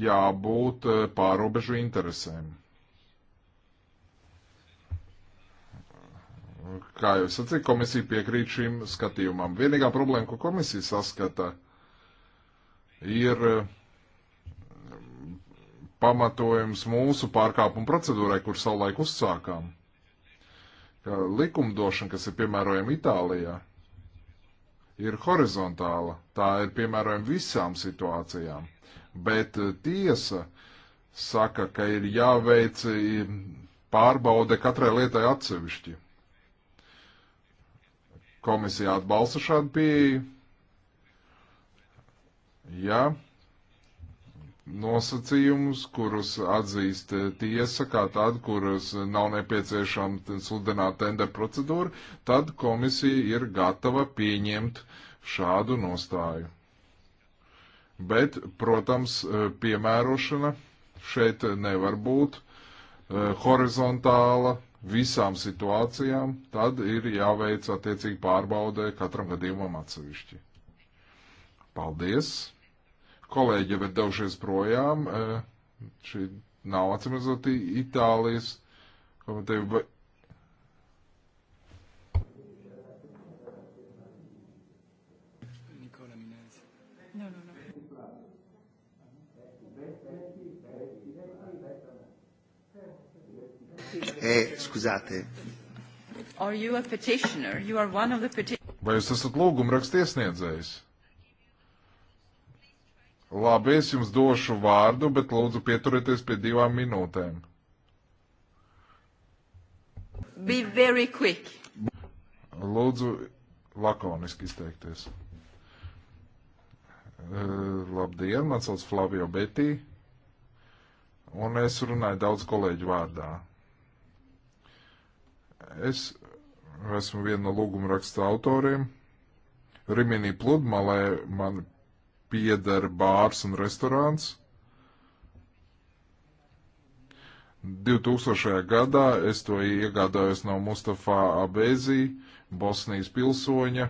jābūt eh, pārobežu interesēm. Kā jau sacīju, komisija piekrīt šim skatījumam. Vienīgā problēma, ko komisija saskata, ir eh, pamatojums mūsu pārkāpumu procedūrai, kur savulaik uzsākām. Ka likumdošana, kas ir piemērojama Itālijā, ir horizontāla. Tā ir piemērojama visām situācijām bet eh, tiesa saka, ka ir jāveic eh, pārbaude katrai lietai atsevišķi. Komisija atbalsta šādu pieeju. Ja nosacījumus, kurus atzīst eh, tiesa kā tādu, kurus nav nepieciešama sludināt tender procedūra, tad komisija ir gatava pieņemt šādu nostāju. Bet, protams, e, piemērošana šeit nevar būt e, horizontāla visām situācijām, tad ir jāveic attiecīgi pārbaudē katram gadījumam atsevišķi. Paldies! Kolēģi jau ir devušies projām. E, šī nav atsimredzot Itālijas komiteja. Eh, scusate. Are you a petitioner? You are one of the petitioners. Vai jūs esat lūgumrakstiesniedzējs? Labi, es jums došu vārdu, bet lūdzu pieturieties pie divām minūtēm. Be very quick. Lūdzu, lakoniski izteikties. Uh, labdien, man sauc Flavio Betī, un es runāju daudz kolēģu vārdā. Es esmu viena no lūguma raksta autoriem. Riminī pludmalē man pieder bārs un restorāns. 2000. gadā es to iegādājos no Mustafā Abezī, Bosnijas pilsoņa.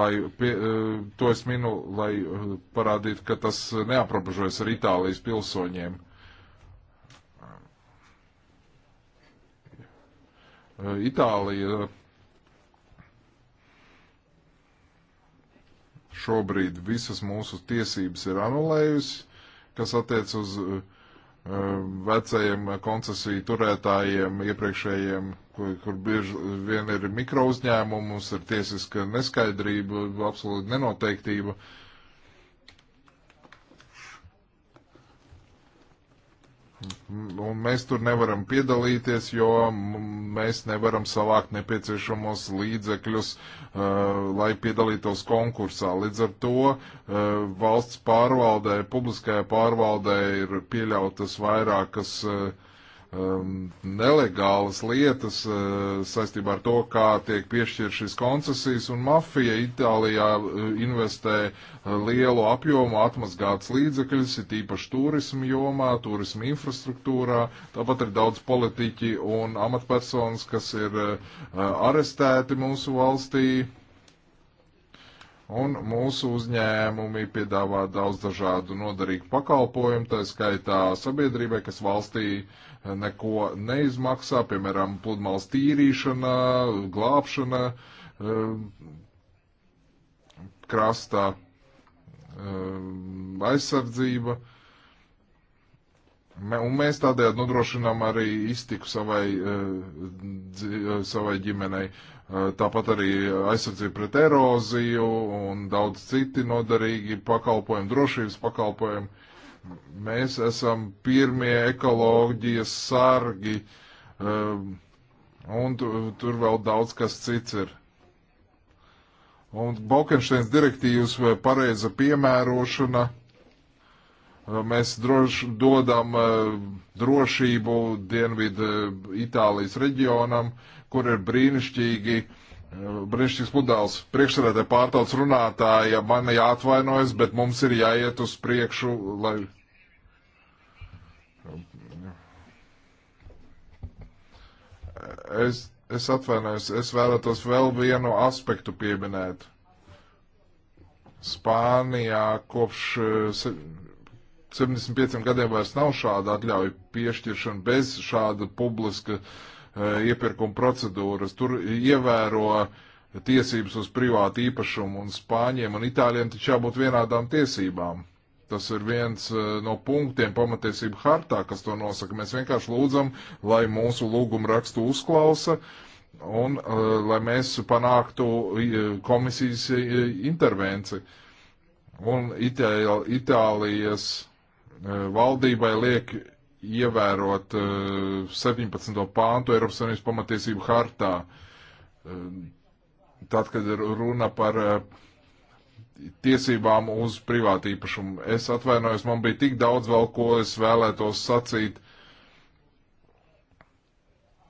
Lai, pie, eh, to es minu, lai eh, parādītu, ka tas neaprobežojas ar Itālijas pilsoņiem. Eh, Itālija šobrīd visas mūsu tiesības ir anulējusi, kas attiec uz eh, vecajiem koncesiju turētājiem, iepriekšējiem, kur, kur bieži vien ir mikro uzņēmumi, mums ir tiesiska neskaidrība, absolūta nenoteiktība. Uh, Un mēs tur nevaram piedalīties, jo mēs nevaram savākt nepieciešamos līdzekļus, uh, lai piedalītos konkursā. Līdz ar to uh, valsts pārvaldē, publiskajā pārvaldē ir pieļautas vairākas uh, um, nelegālas lietas uh, saistībā ar to, kā tiek piešķirt šis koncesijas, un mafija Itālijā uh, investē uh, lielu apjomu atmazgātas līdzekļus, ir tīpaši turismu jomā, turismu infrastruktūrā, tāpat ir daudz politiķi un amatpersonas, kas ir uh, uh, arestēti mūsu valstī. Un mūsu uzņēmumi piedāvā daudz dažādu noderīgu pakalpojumu, tā skaitā sabiedrībai, kas valstī uh, neko neizmaksā, piemēram, pludmales tīrīšana, glābšana um, krastā, um, aizsardzība. Un mēs tādējādi nodrošinām arī iztiku savai, uh, uh, savai ģimenei. Uh, tāpat arī aizsardzība pret eroziju un daudz citi nodarīgi pakalpojumi, drošības pakalpojumi. Mēs esam pirmie ekoloģijas sargi, um, un tur vēl daudz kas cits ir. Un Balkanšteins direktīvas uh, pareiza piemērošana. Uh, mēs droš, dodam uh, drošību Dienvidu Itālijas reģionam, kur ir brīnišķīgi uh, brīnišķīgs modelis. Priekšsēdētāji pārtauc runātāji, ja man jāatvainojas, bet mums ir jāiet uz priekšu, lai. Es, es atvainojos, es vēlētos vēl vienu aspektu pieminēt. Spānijā kopš 75 eh, gadiem vairs nav šāda atļauja piešķiršana bez šāda publiska uh, E, iepirkuma procedūras, tur ievēro tiesības uz privātu īpašumu un Spāņiem un Itāļiem taču jābūt vienādām tiesībām. Tas ir viens e, no punktiem pamatiesību hartā, kas to nosaka. Mēs vienkārši lūdzam, lai mūsu lūgumu rakstu uzklausa un e, lai mēs panāktu komisijas intervenci. Un Itālijas valdībai liek ievērot 17. Eh, pāntu Eiropas Savienības pamatiesību hartā. Eh, tad, kad ir runa par eh, tiesībām uz privātu īpašumu. Es atvainojos, man bija tik daudz vēl, ko es vēlētos sacīt.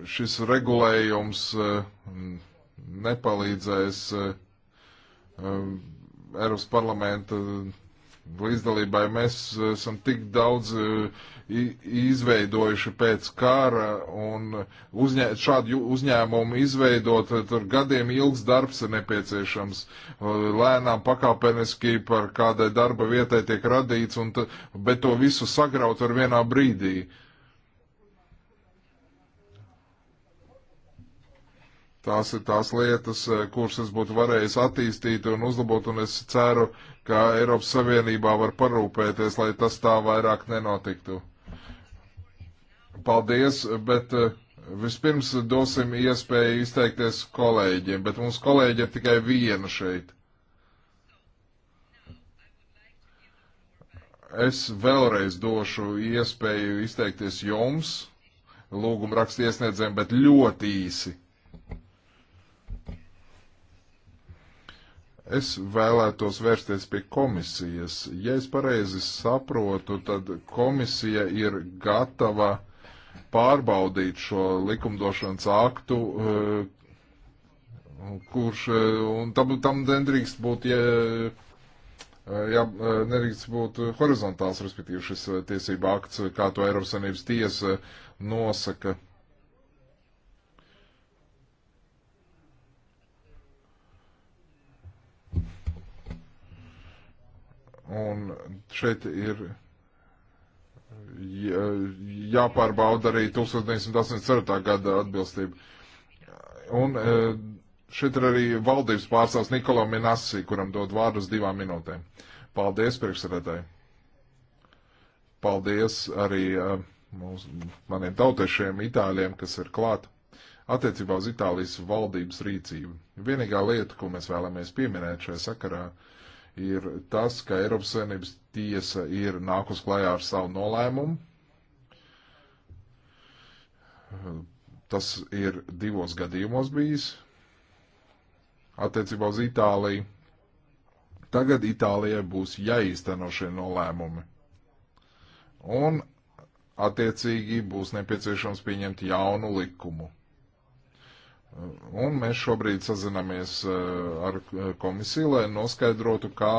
Šis regulējums nepalīdzēs Eiropas parlamenta līdzdalībai. Mēs eh, esam tik daudz eh, izveidojuši pēc kara un uzņē, šādu uzņēmumu izveidot, eh, tur gadiem ilgs darbs ir nepieciešams. Lēnām pakāpeniski par kādai darba vietai tiek radīts, un, t, bet to visu sagraut ar vienā brīdī. Tās ir tās lietas, kuras es būtu varējis attīstīt un uzlabot, un es ceru, uh, ka Eiropas Savienībā var parūpēties, lai tas tā vairāk nenotiktu. Paldies, bet eh, vispirms dosim iespēju izteikties kolēģiem, bet mums kolēģi ir tikai viena šeit. Es vēlreiz došu iespēju izteikties jums, lūgumu rakstiesniedzējiem, bet ļoti īsi. Es vēlētos vērsties pie komisijas. Ja es pareizi saprotu, tad komisija ir gatava pārbaudīt šo likumdošanas aktu, eh, kurš, eh, un tam, tam nedrīkst būt, ja, eh, ja nedrīkst būt horizontāls, respektīvi šis tiesība akts, kā to Eiropas Savienības tiesa nosaka. Un šeit ir jāpārbauda arī 1984. gada atbilstība. Un e, šeit ir arī valdības pārstāvs Nikola Minassi, kuram dod vārdu uz divām minūtēm. Paldies, priekšsēdētāji! Paldies arī e, mūs, maniem tautiešiem, itāļiem, kas ir klāt attiecībā uz Itālijas valdības rīcību. Vienīgā lieta, ko mēs vēlamies pieminēt šajā sakarā, ir ir tas, ka Eiropas Savienības tiesa ir nākus klajā ar savu nolēmumu. Tas ir divos gadījumos bijis attiecībā uz Itāliju. Tagad Itālijai būs jāīsteno šie nolēmumi. Un attiecīgi būs nepieciešams pieņemt jaunu likumu. Un mēs šobrīd sazināmies eh, ar eh, komisiju, lai noskaidrotu, kā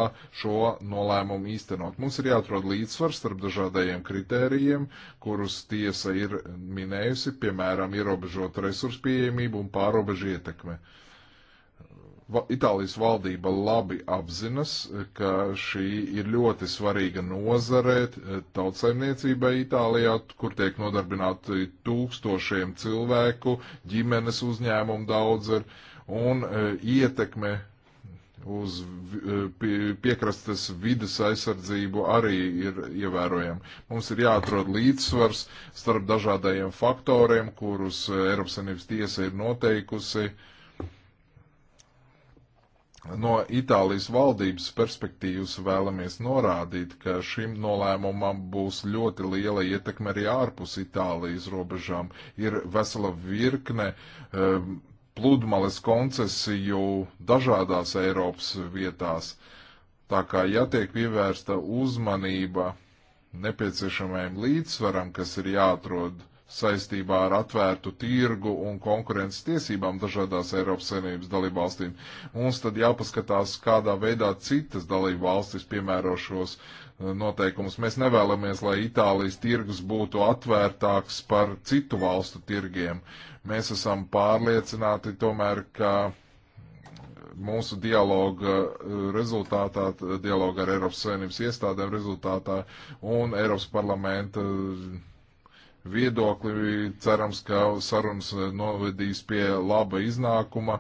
šo nolēmumu īstenot. Mums ir jāatrod līdzsvars starp dažādajiem kritērijiem, kurus tiesa ir minējusi, piemēram, ierobežot resursu pieejamību un pārobežu ietekme. Uh, Itālijas valdība labi apzinas, ka šī ir ļoti svarīga nozare eh, tautsaimniecībai Itālijā, kur tiek nodarbināti tūkstošiem cilvēku, ģimenes uzņēmumu daudz ir, un eh, ietekme uz eh, piekrastes vidas aizsardzību arī ir ievērojama. Mums ir jāatrod līdzsvars starp dažādajiem faktoriem, kurus Eiropas Savienības tiesa ir noteikusi. Uh, No Itālijas valdības perspektīvas vēlamies norādīt, ka šim nolēmumam būs ļoti liela ietekme arī ārpus Itālijas robežām. Ir vesela virkne um, pludmales koncesiju dažādās Eiropas vietās. Tā kā jātiek pievērsta uzmanība nepieciešamajam līdzsvaram, kas ir jāatrod saistībā ar atvērtu tirgu un konkurences tiesībām dažādās Eiropas Savienības dalībvalstīm. Mums tad jāpaskatās, kādā veidā citas dalībvalstis piemēro šos eh, noteikumus. Mēs nevēlamies, lai Itālijas tirgus būtu atvērtāks par citu valstu tirgiem. Mēs esam pārliecināti tomēr, ka mūsu dialoga eh, rezultātā, dialoga ar Eiropas Savienības iestādēm rezultātā un Eiropas parlamenta eh, viedokli. Cerams, ka sarunas eh, novedīs pie laba iznākuma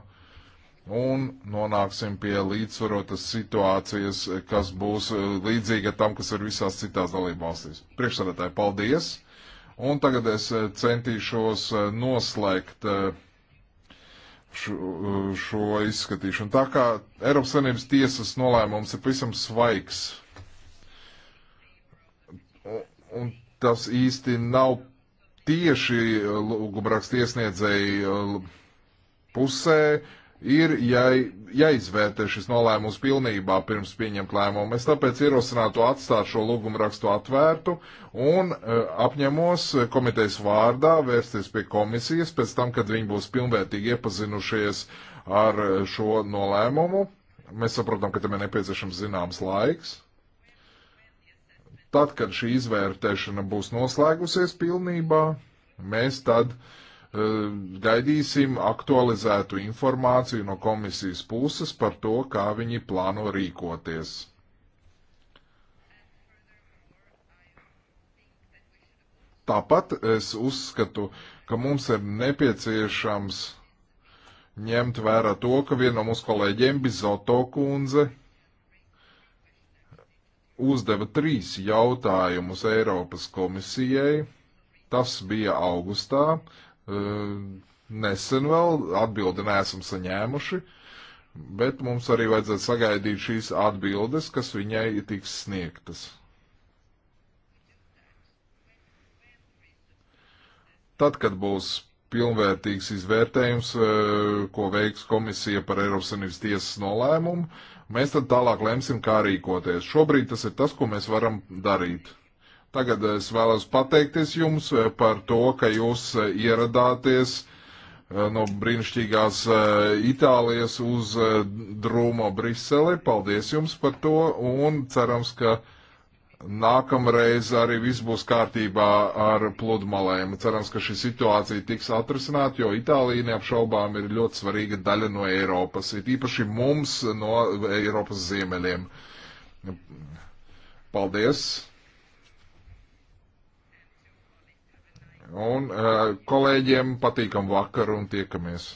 un nonāksim pie līdzsvarotas situācijas, kas būs eh, līdzīga tam, kas ir visās citās dalībvalstīs. Priekšsēdētāji, paldies! Un tagad es eh, centīšos noslēgt šo, šo izskatīšanu. Tā kā Eiropas Savienības tiesas nolēmums ir pavisam svaigs, un, un tas īsti nav tieši eh, lūgumraksta iesniedzēji eh, pusē ir jā, jāizvērtē šis nolēmums pilnībā pirms pieņemt lēmumu. Es tāpēc ierosinātu atstāt šo lūgumrakstu atvērtu un eh, apņemos komitejas vārdā vērsties pie komisijas pēc tam, kad viņi būs pilnvērtīgi iepazinušies ar šo nolēmumu. Mēs saprotam, ka tam ir nepieciešams zināms laiks. Tad, kad šī izvērtēšana būs noslēgusies pilnībā, mēs tad uh, gaidīsim aktualizētu informāciju no komisijas puses par to, kā viņi plāno rīkoties. Tāpat es uzskatu, ka mums ir nepieciešams ņemt vērā to, ka viena no mūsu kolēģiem, Bizoto kundze, uzdeva trīs jautājumus Eiropas komisijai. Tas bija augustā. E, nesen vēl atbildi neesam saņēmuši, bet mums arī vajadzētu sagaidīt šīs atbildes, kas viņai tiks sniegtas. Tad, kad būs pilnvērtīgs izvērtējums, e, ko veiks komisija par Eiropas Savienības tiesas nolēmumu, Mēs tad tālāk lemsim, kā rīkoties. Šobrīd tas ir tas, ko mēs varam darīt. Tagad es vēlos pateikties jums eh, par to, ka jūs eh, ieradāties eh, no brīnišķīgās Itālijas uz drūmo Briseli. Paldies jums par to un cerams, ka nākamreiz arī viss būs kārtībā ar pludmalēm. Cerams, ka šī situācija tiks atrisināta, jo Itālija neapšaubām ir ļoti svarīga daļa no Eiropas, ir īpaši mums no Eiropas ziemeļiem. Paldies! Un eh, kolēģiem patīkam vakaru un tiekamies!